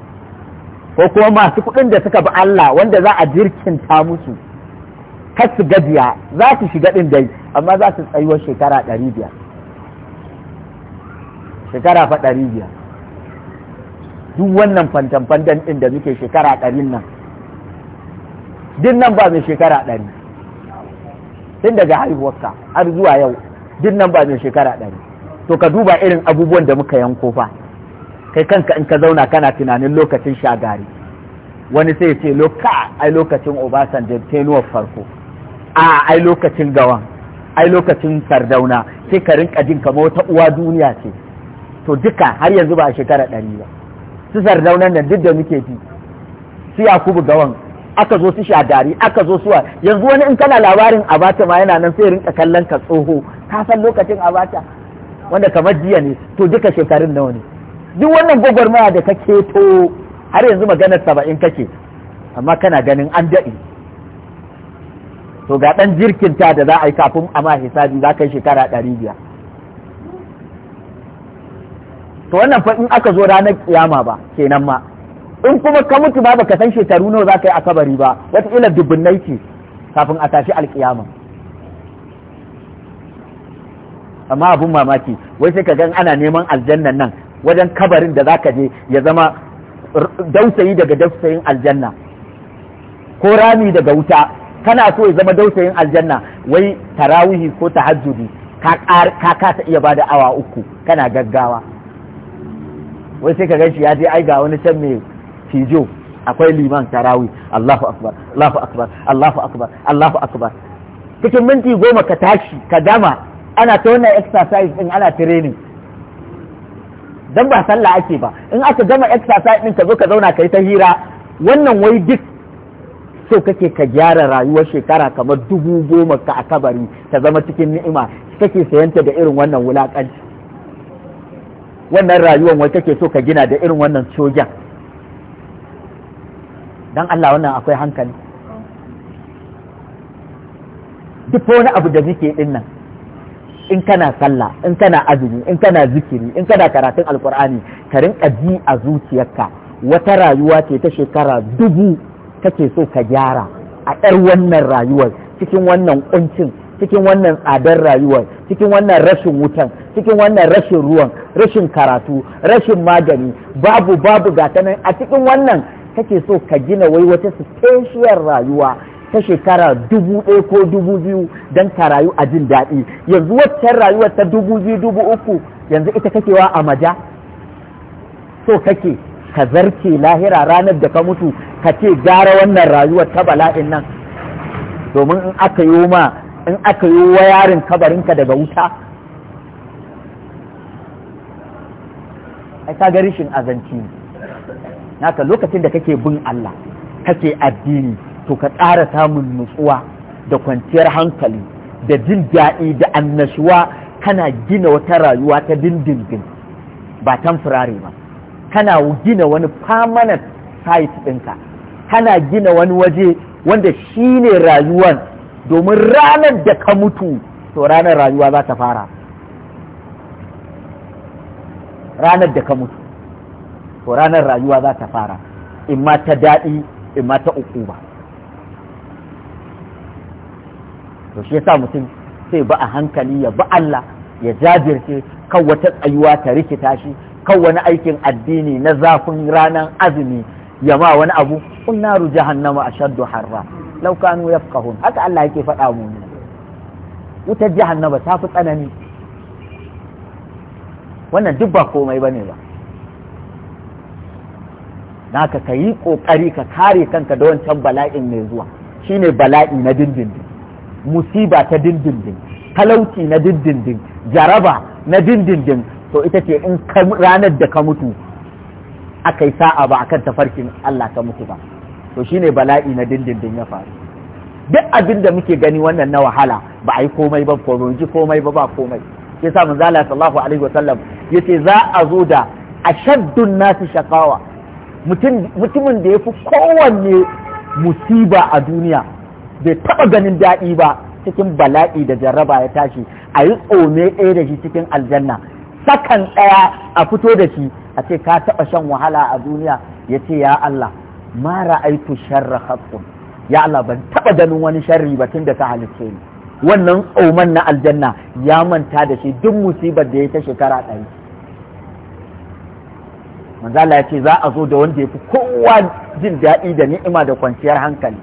ko kuma masu kuɗin da suka bi Allah wanda za a jirkinta musu kar su gajiya za su shiga ɗin dai amma za su tsayuwa shekara ɗari biyar shekara fa ɗari biyar duk wannan fantan-fantan ɗin da muke shekara ɗarin nan din nan ba mai shekara ɗari tun daga haihuwarka har zuwa yau din nan ba mai shekara ɗari to ka duba irin abubuwan da muka yanko fa kai kanka in ka zauna kana tunanin lokacin shagari wani sai ce loka ai lokacin Obasan obasanjo tenuwar farko a ai lokacin gawan ai lokacin sardauna sai ka rinka jin kamar wata uwa duniya ce to duka har yanzu ba a shekara ɗari ba su sardaunan nan duk da muke ji su yakubu gawan aka zo su shagari aka zo suwa yanzu wani in kana labarin abata ma yana nan sai rinka kallon ka tsoho ka san lokacin abata wanda kamar jiya ne to duka shekarun nawa ne duk wannan gwagwarmaya da ka keto har yanzu maganar saba'in kake amma kana ganin an daɗe to ga ɗan jirkinta da za a yi kafin a ma hisabi za ka yi shekara ɗari biyar to wannan fa aka zo ranar kiyama ba kenan ma in kuma ka mutu ba ka san shekaru nawa za ka yi a kabari ba wataƙila dubbin ce kafin a tashi alkiyama amma abun mamaki wai sai ka gan ana neman aljannan nan wajen kabarin da zaka je ya zama dausayi daga dausayin aljanna ko rami daga wuta kana so ya zama dausayin aljanna wai tarawihi ko tahajjudi ka kasa iya bada awa uku kana gaggawa wai sai ka gan ya je ai ga wani can mai fijo akwai liman tarawi Allahu akbar Allahu akbar Allahu akbar Allahu akbar cikin minti goma ka tashi ka dama ana ta wannan exercise din ana training dan ba sallah ake ba in aka gama exercise din ka zo ka zauna kai ta hira wannan wai duk so kake ka gyara rayuwar shekara kamar dubu goma ka a kabari ta zama cikin ni'ima kake sayanta da irin wannan wulakanci wannan rayuwar wai kake so ka gina da irin wannan cojan dan Allah wannan akwai hankali duk wani abu da muke din nan in kana sallah in kana azumi in kana zikiri in kana karatun alkur'ani ka rinka ji a zuciyarka wata rayuwa ce ta shekara dubu kake so ka gyara a yar wannan rayuwar cikin wannan kuncin cikin wannan tsadar rayuwar cikin wannan rashin wutan cikin wannan rashin ruwan rashin karatu rashin magani babu babu gatanan a cikin wannan kake so ka gina wai wata special rayuwa ta shekara dubu ɗaya ko dubu biyu don ka rayu a jin daɗi yanzu waccan rayuwar ta dubu biyu dubu uku yanzu ita kakewa a maja so kake ka zarce lahira ranar da ka mutu ka ce gara wannan rayuwar ta bala'in nan domin in aka yi ma in aka yi yarin kabarinka daga wuta ai ka ga rishin azanci naka lokacin da kake bin Allah kake addini to ka ƙara samun nutsuwa da kwanciyar hankali da jin daɗi da annashuwa kana gina wata rayuwa ta dindindin ba firare ba kana gina wani permanent site ɗinka kana gina wani waje wanda shi ne rayuwan domin ranar da ka mutu to ranar rayuwa za ta fara ranar da ka mutu to ranar rayuwa za ta fara in ma ta daɗi in ma ta uku ba to shi yasa mutum sai ba a hankali ya ba Allah ya jajirce kan wata tsayuwa ta rikita shi kan wani aikin addini na zafin ranar azumi ya ma wani abu kun naru jahannama ashaddu harra law kanu yafqahun haka Allah yake faɗa mu wutar jahannama ta fi tsanani wannan duk ba komai bane ba naka ka yi ƙoƙari ka kare kanka da wancan bala'in mai zuwa shine bala'i na dindindin musiba ta dindindin talauci na dindindin jaraba na dindindin to ita ce in ranar da ka mutu aka yi sa'a ba a kan tafarkin Allah ka mutu ba to shine bala'i na dindindin ya faru duk abin da muke gani wannan na wahala ba a yi komai ba ko ji komai ba ba komai ya sa manzala sallallahu alaihi wasallam ya ce za a zo da ashaddun nasu shakawa mutumin da ya fi kowanne musiba a duniya bai taɓa ganin daɗi ba cikin bala'i da jarraba ya tashi a yi tsome ɗaya da shi cikin aljanna sakan ɗaya a fito da shi a ce ka taɓa shan wahala a duniya ya ce ya Allah ma ra'aitu sharra haqqun ya Allah ban taɓa ganin wani sharri ba tun da ka halicce ni wannan tsoman na aljanna ya manta da shi duk musibar da ya ta shekara ɗari manzala ya ce za a zo da wanda ya fi kowa jin daɗi da ni'ima da kwanciyar hankali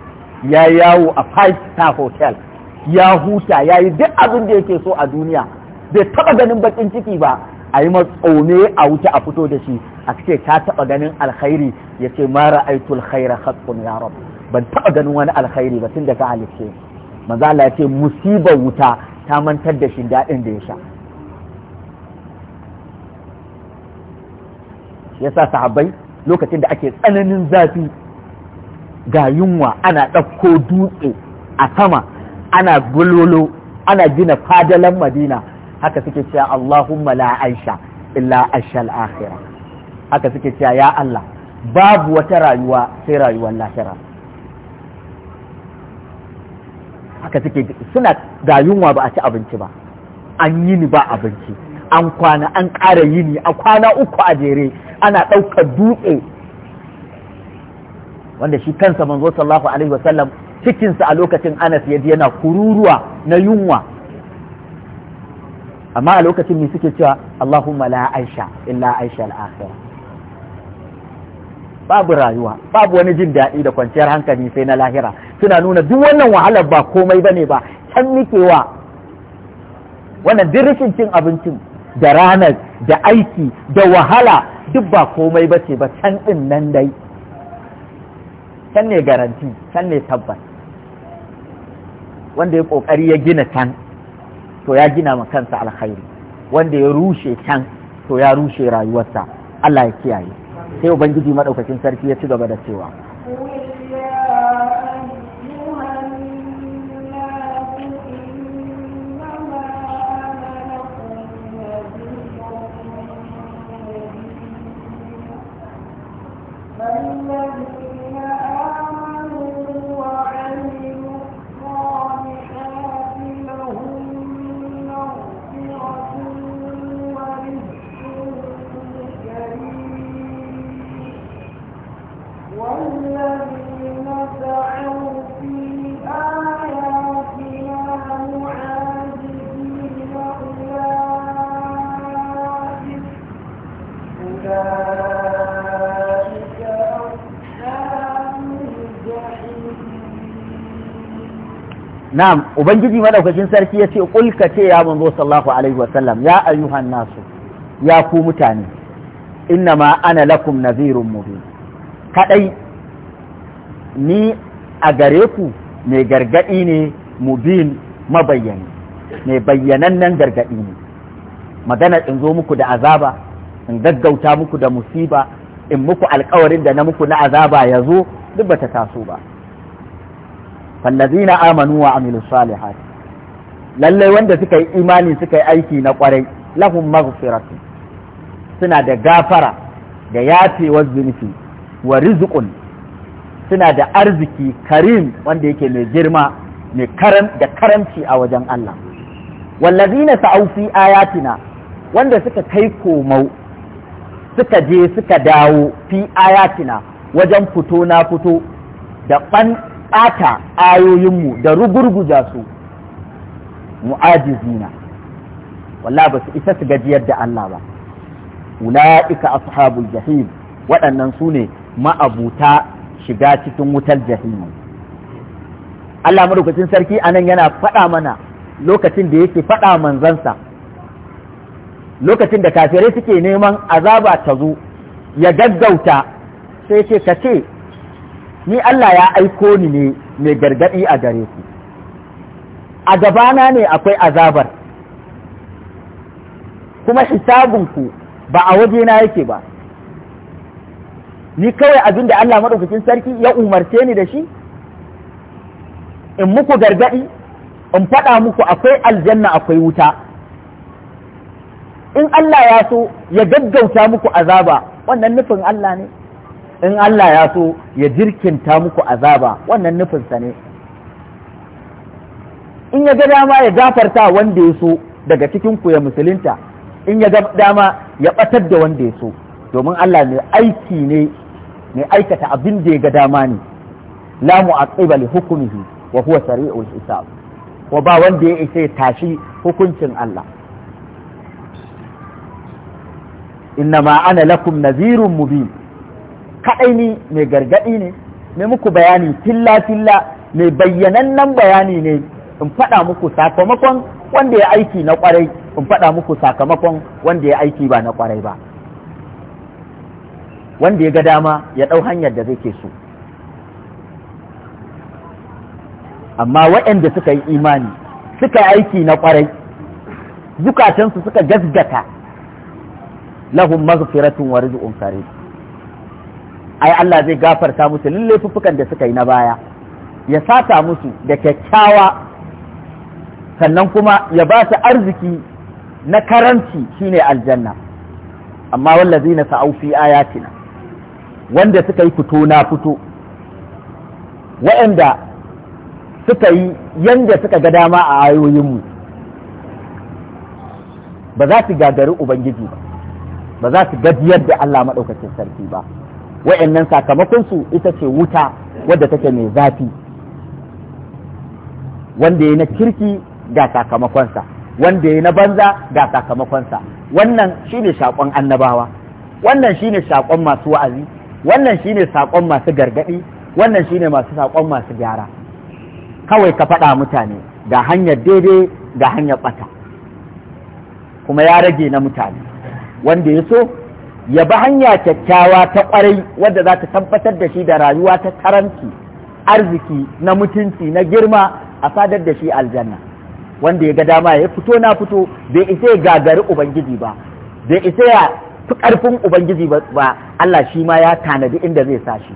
ya yawo a five star hotel ya huta ya yi duk abin da yake so a duniya bai taba ganin bakin ciki ba a yi matsaume a wuta a fito da shi a ce ta taba ganin alkhairi ya ce mara aitul khaira khatkun ya rab ban taba ganin wani alkhairi ba tun da ka halicce maza Allah ya ce musibar wuta ta mantar da shi daɗin da ya sha yasa sahabbai lokacin da ake tsananin zafi ga yunwa ana ɗauko dutse a sama ana gulolo ana gina fadalan madina haka suke cewa Allahumma la aisha illa ashal akhirah haka suke cewa ya Allah babu wata rayuwa sai rayuwar lahira haka suke suna ga yunwa ba a ci abinci ba an yi ni ba abinci an kwana an ƙara yini a kwana uku a jere ana ɗaukar dutse wanda shi kansa manzo sallallahu alaihi wasallam cikinsa a lokacin anas yaji yana kururuwa na yunwa amma a lokacin ne suke cewa Allahumma la aisha illa aisha al-akhirah babu rayuwa babu wani jin daɗi da kwanciyar hankali sai na lahira suna nuna duk wannan wahalar ba komai bane ba can nikewa wannan dirishin cin abincin da ranar da aiki da wahala duk ba komai bace ba can ɗin nan dai can ne garanti can ne tabbas wanda ya kokari ya gina can to ya gina ma kansa alkhairi wanda ya rushe can to ya rushe rayuwarsa Allah ya kiyaye sai ubangiji madaukakin sarki ya ci gaba da cewa na'am ubangiji madaukakin sarki ya ce kulka ce ya manzo sallallahu alaihi wasallam ya ayyuhan nasu ya ku mutane inna ma ana lakum nazirun mubin kadai ni a gare ku mai gargaɗi ne mubin mabayyani mai bayyanannen gargaɗi ne magana in zo muku da azaba in gaggauta muku da musiba in muku alkawarin da na muku na azaba ya zo duk bata taso ba fallazina amanu wa amilu lallai wanda suka yi imani suka yi aiki na kwarai lahum maghfiratu suna da gafara da yafewar zunubi wa rizqun suna da arziki karim wanda yake mai girma mai karam da karamci a wajen Allah wallazina sa'u fi ayatina wanda suka kai komau suka je suka dawo fi ayatina wajen fito na fito da ban ɓata ayoyinmu da rugurguja su mu'ajizina walla ba su isa su gajiyar da Allah ba ula'ika ashabul jahim waɗannan su ne ma'abuta shiga cikin wutar jahim Allah madaukakin sarki anan yana faɗa mana lokacin da yake faɗa manzansa lokacin da kafirai suke neman azaba ta zo ya gaggauta sai ce ka ce ni Allah ya aiko ni ne mai gargaɗi a gare ku a gabana ne akwai azabar kuma hisabinku ba a waje na yake ba ni kawai abin da Allah maɗaukakin sarki ya umarce ni da shi in muku gargaɗi in faɗa muku akwai aljanna akwai wuta in Allah ya so ya gaggauta muku azaba wannan nufin Allah ne in Allah ya so ya jirkinta muku azaba wannan nufinsa ne in ya ga dama ya gafarta wanda ya so daga cikin ku ya musulunta in ya ga dama ya batar da wanda ya so domin Allah mai aiki ne mai aikata abin da ya ga dama ne la mu'aqqiba li hukmihi wa huwa sari'ul hisab wa ba wanda ya isa tashi hukuncin Allah innama ana lakum nazirun mubin kaɗai ni mai gargaɗi ne mai muku bayani filla-filla mai bayyanannen bayani ne in faɗa muku sakamakon wanda ya aiki na ƙwarai in faɗa muku sakamakon wanda ya aiki ba na ƙwarai ba wanda ya ga dama ya ɗau hanyar da zai ke so amma waɗanda suka yi imani suka yi aiki na ƙwarai zukatansu suka gasgata lahum maghfiratun wa rizqun karim ai Allah zai gafarta musu fufukan da suka yi na baya ya sata musu da kyakkyawa sannan kuma ya ba su arziki na karanci shine aljanna amma wallazina sa'u fi ayatina wanda suka yi fito na fito waɗanda suka yi yanda suka ga dama a ayoyinmu ba za su gagari ubangiji ba ba za su gajiyar da Allah maɗaukacin sarki ba wa'annan sakamakon su ita ce wuta wadda take mai zafi wanda ya na kirki ga sakamakonsa wanda ya na banza ga sakamakonsa wannan shine shakon annabawa wannan shine shakon masu wa'azi wannan shine sakon masu gargadi wannan shine masu sakon masu gyara kawai ka faɗa mutane ga hanyar daidai ga hanyar ɓata kuma ya rage na mutane wanda ya so ya bi hanya kyakkyawa ta ƙwarai wadda za ta tabbatar da shi da rayuwa ta karanci arziki na mutunci na girma a sadar da shi aljanna wanda ya ga dama ya fito na fito bai isa ya gagari ubangiji ba bai isa ya fi ƙarfin ubangiji ba Allah shi ma ya tanadi inda zai sa shi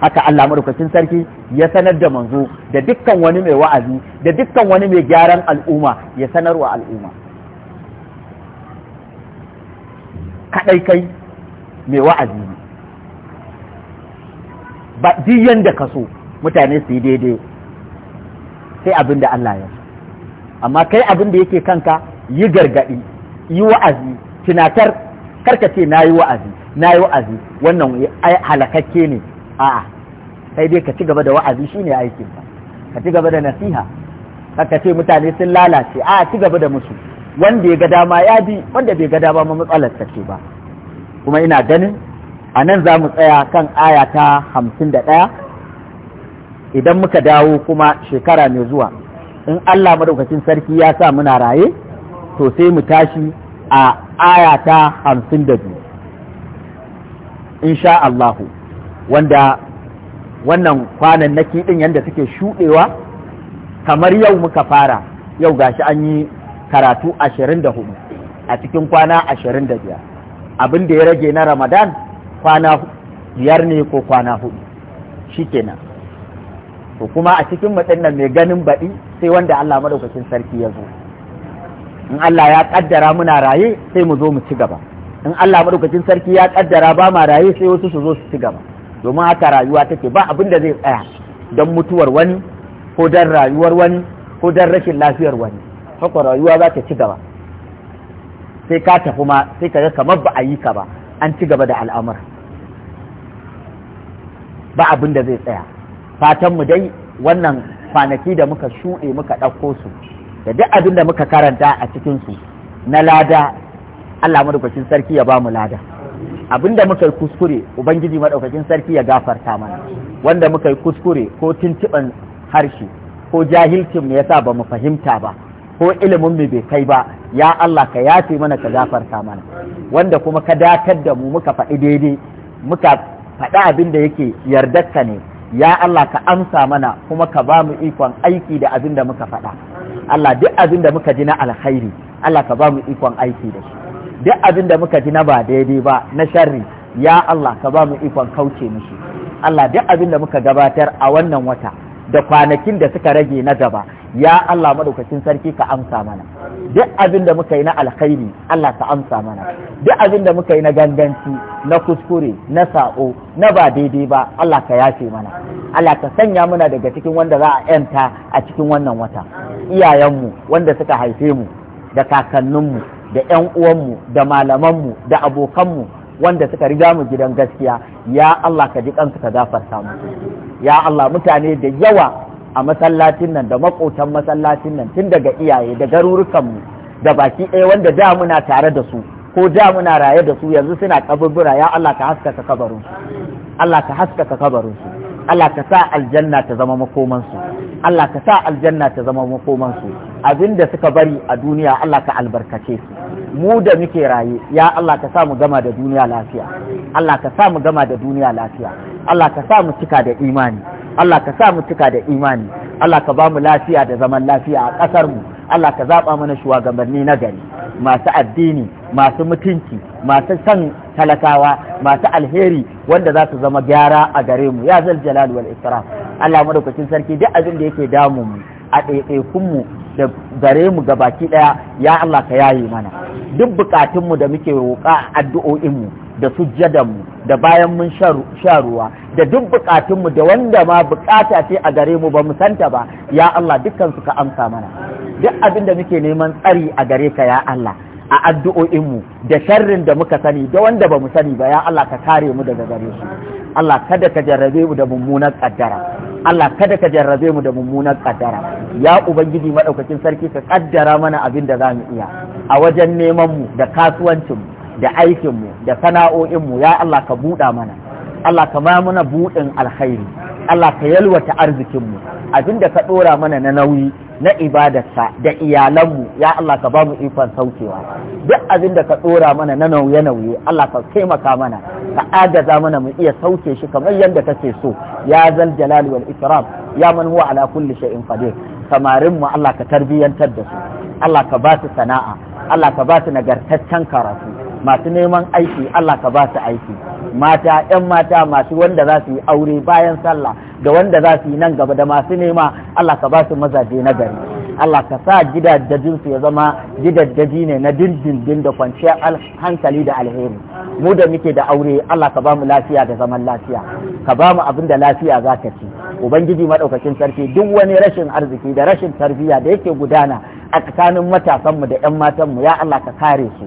haka Allah madaukakin sarki ya sanar da manzo da dukkan wani mai wa'azi da dukkan wani mai gyaran al'umma ya sanarwa al'umma kadai kai mai wa'azi ne ba duk ka so mutane su yi daidai sai abin da Allah ya amma kai abin da yake kanka yi gargadi yi wa'azi tunatar karka ce na yi wa'azi na yi wa'azi wannan halakakke ne a sai dai ka ci gaba da wa'azi shi ne aikinka ka ci gaba da nasiha ka ce mutane sun lalace a ci gaba da musu wanda ya ga dama ya bi wanda bai ga dama matsalar ta ce ba kuma ina ganin a nan za mu tsaya kan aya ta hamsin da ɗaya idan muka dawo kuma shekara mai zuwa in Allah madaukakin sarki ya sa muna raye to sai mu tashi a aya ta hamsin da biyu insha Allahu wanda wannan kwanan na kiɗin yadda suke shuɗewa kamar yau muka fara yau gashi an yi karatu ashirin da hudu a cikin kwana ashirin da biyar abin da ya rage na ramadan kwana biyar ne ko kwana hudu shi kenan to kuma a cikin nan mai ganin baɗi sai wanda allah madaukakin sarki ya zo in allah ya ƙaddara muna raye sai mu zo mu ci gaba in allah maɗaukacin sarki ya ƙaddara ba ma raye sai wasu su zo su ci gaba domin haka rayuwa take ba abin da zai tsaya don mutuwar wani ko don rayuwar wani ko don rashin lafiyar wani haka rayuwa za ta ci gaba sai ka tafi ma sai ka ga kamar ba a yi ka ba an ci gaba da al'amur ba abin da zai tsaya fatan mu dai wannan kwanaki da muka shuɗe muka ɗauko su da duk abin da muka karanta a cikin su na lada Allah madaukakin sarki ya ba mu lada abin da muka yi kuskure ubangiji madaukakin sarki ya gafarta mana wanda muka yi kuskure ko tuntuɓan harshe ko jahilcin mu yasa bamu fahimta ba ko ilimin mu bai kai ba ya Allah ka yafe mana ka gafarta mana wanda kuma ka datar da mu muka faɗi daidai muka faɗi abin da yake yardarka ne ya Allah ka amsa mana kuma ka ba mu ikon aiki da abin da muka faɗa Allah duk abin da muka ji na alkhairi Allah ka ba mu ikon aiki da shi duk abin da muka ji na ba daidai ba na sharri ya Allah ka ba mu ikon kauce mishi Allah duk abin da muka gabatar a wannan wata da kwanakin da suka rage na gaba ya Allah madaukakin sarki ka amsa mana duk abin da muka yi na alkhairi Allah ka amsa mana duk abin da muka yi na ganganci na kuskure na sa'o na ba daidai ba Allah ka yafe mana Allah ka sanya muna daga cikin wanda za a yanta a cikin wannan wata iyayenmu wanda suka haife mu da kakanninmu da 'yan uwanmu da malamanmu da abokanmu wanda suka riga mu gidan gaskiya ya Allah ka ji kansu ka gafarta mu ya Allah mutane da yawa a masallacin nan da makotan masallacin nan tun daga iyaye da garurukanmu da baki ɗaya wanda da muna tare da su ko da muna raye da su yanzu suna kaburbura ya Allah ka haskaka kabarin su Allah ka haskaka kabarin su Allah ka sa aljanna ta zama makoman su Allah ka sa aljanna ta zama makoman su abinda suka bari a duniya Allah ka albarkace su mu da muke raye ya Allah ka sa mu gama da duniya lafiya Allah ka sa mu gama da duniya lafiya Allah ka sa mu cika da imani Allah ka sa mu cika da imani Allah ka ba mu lafiya da zaman lafiya a ƙasar mu Allah ka zaɓa mana shugabanni na gari masu addini masu mutunci masu san talakawa masu alheri wanda za su zama gyara a gare mu ya zal jalal wal ikram Allah madaukakin sarki duk abin da yake damu mu a ɗaiɗaikun mu da gare mu baki ɗaya ya Allah ka yaye mana duk bukatunmu da muke roƙa addu'o'inmu da sujjadanmu da bayan mun sha ruwa da duk bukatunmu da wanda ma bukata ce a gare mu ba mu santa ba ya Allah dukkan su ka amsa mana duk abin da muke neman tsari a gare ka ya Allah a addu'o'inmu da sharrin da muka sani da wanda ba mu sani ba ya Allah ka kare mu daga gare shi Allah kada ka jarrabe mu da mummunan kaddara Allah kada ka jarrabe mu da mummunan kaddara ya ubangiji madaukakin sarki ka kaddara mana abin da za mu iya a wajen neman mu da kasuwancin mu da aikin mu da sana'o'in mu ya Allah ka buɗa mana Allah ka ma mana buɗin alkhairi Allah ka yalwata arzikin mu abin da ka ɗora mana na nauyi na ibadarsa da iyalanmu ya Allah ka ba mu ikon saukewa duk abin da ka tsora mana na nauye-nauye Allah ka taimaka mana ka agaza mana mu iya sauke shi kamar yadda kake so ya zal jalali wal ikram ya man huwa ala kulli shay'in qadir samarin mu Allah ka tarbiyantar da su Allah ka ba su sana'a Allah ka ba su nagartaccen karatu masu neman aiki Allah ka ba su aiki mata yan mata masu wanda za su yi aure bayan sallah da wanda za su yi nan gaba da masu nema Allah ka ba su mazaje na gari Allah ka sa gidajen su ya zama gidajjaji ne na dindindin da kwanciyar hankali da alheri mu da muke da aure Allah ka ba mu lafiya da zaman lafiya ka ba mu abin da lafiya za ka ci ubangiji madaukakin sarki duk wani rashin arziki da rashin tarbiyya da yake gudana a tsakanin matasanmu da 'yan matanmu ya Allah ka kare su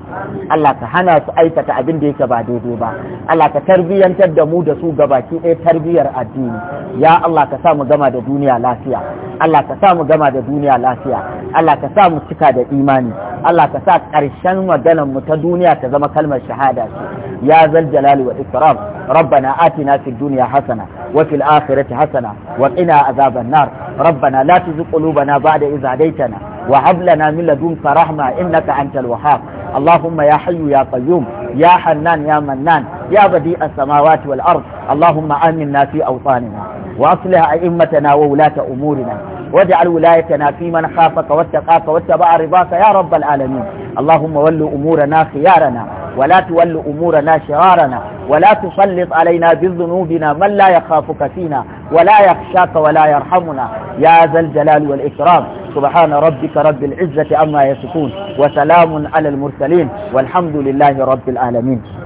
Allah ka hana su aikata abin da yake ba daidai ba Allah ka tarbiyyantar da mu da su gabaki ɗaya tarbiyyar addini ya Allah ka sa mu gama da duniya lafiya Allah ka sa mu gama da duniya lafiya Allah ka sa mu cika da imani Allah ka sa ƙarshen maganar mu ta duniya ta zama kalmar shahada ce ya zal jalali wa ikram rabbana atina fid dunya hasana wa fil akhirati hasana wa qina azaban nar rabbana la tuzigh qulubana ba'da idh hadaytana وهب لنا من لدنك رحمة إنك أنت الوهاب اللهم يا حي يا قيوم يا حنان يا منان يا بديع السماوات والأرض اللهم آمنا في أوطاننا وأصلح أئمتنا وولاة أمورنا واجعل ولايتنا في من خافك واتقاك واتبع رضاك يا رب العالمين اللهم ول أمورنا خيارنا ولا تول أمورنا شرارنا ولا تسلط علينا بذنوبنا من لا يخافك فينا ولا يخشاك ولا يرحمنا يا ذا الجلال والإكرام سبحان ربك رب العزة عما يصفون وسلام على المرسلين والحمد لله رب العالمين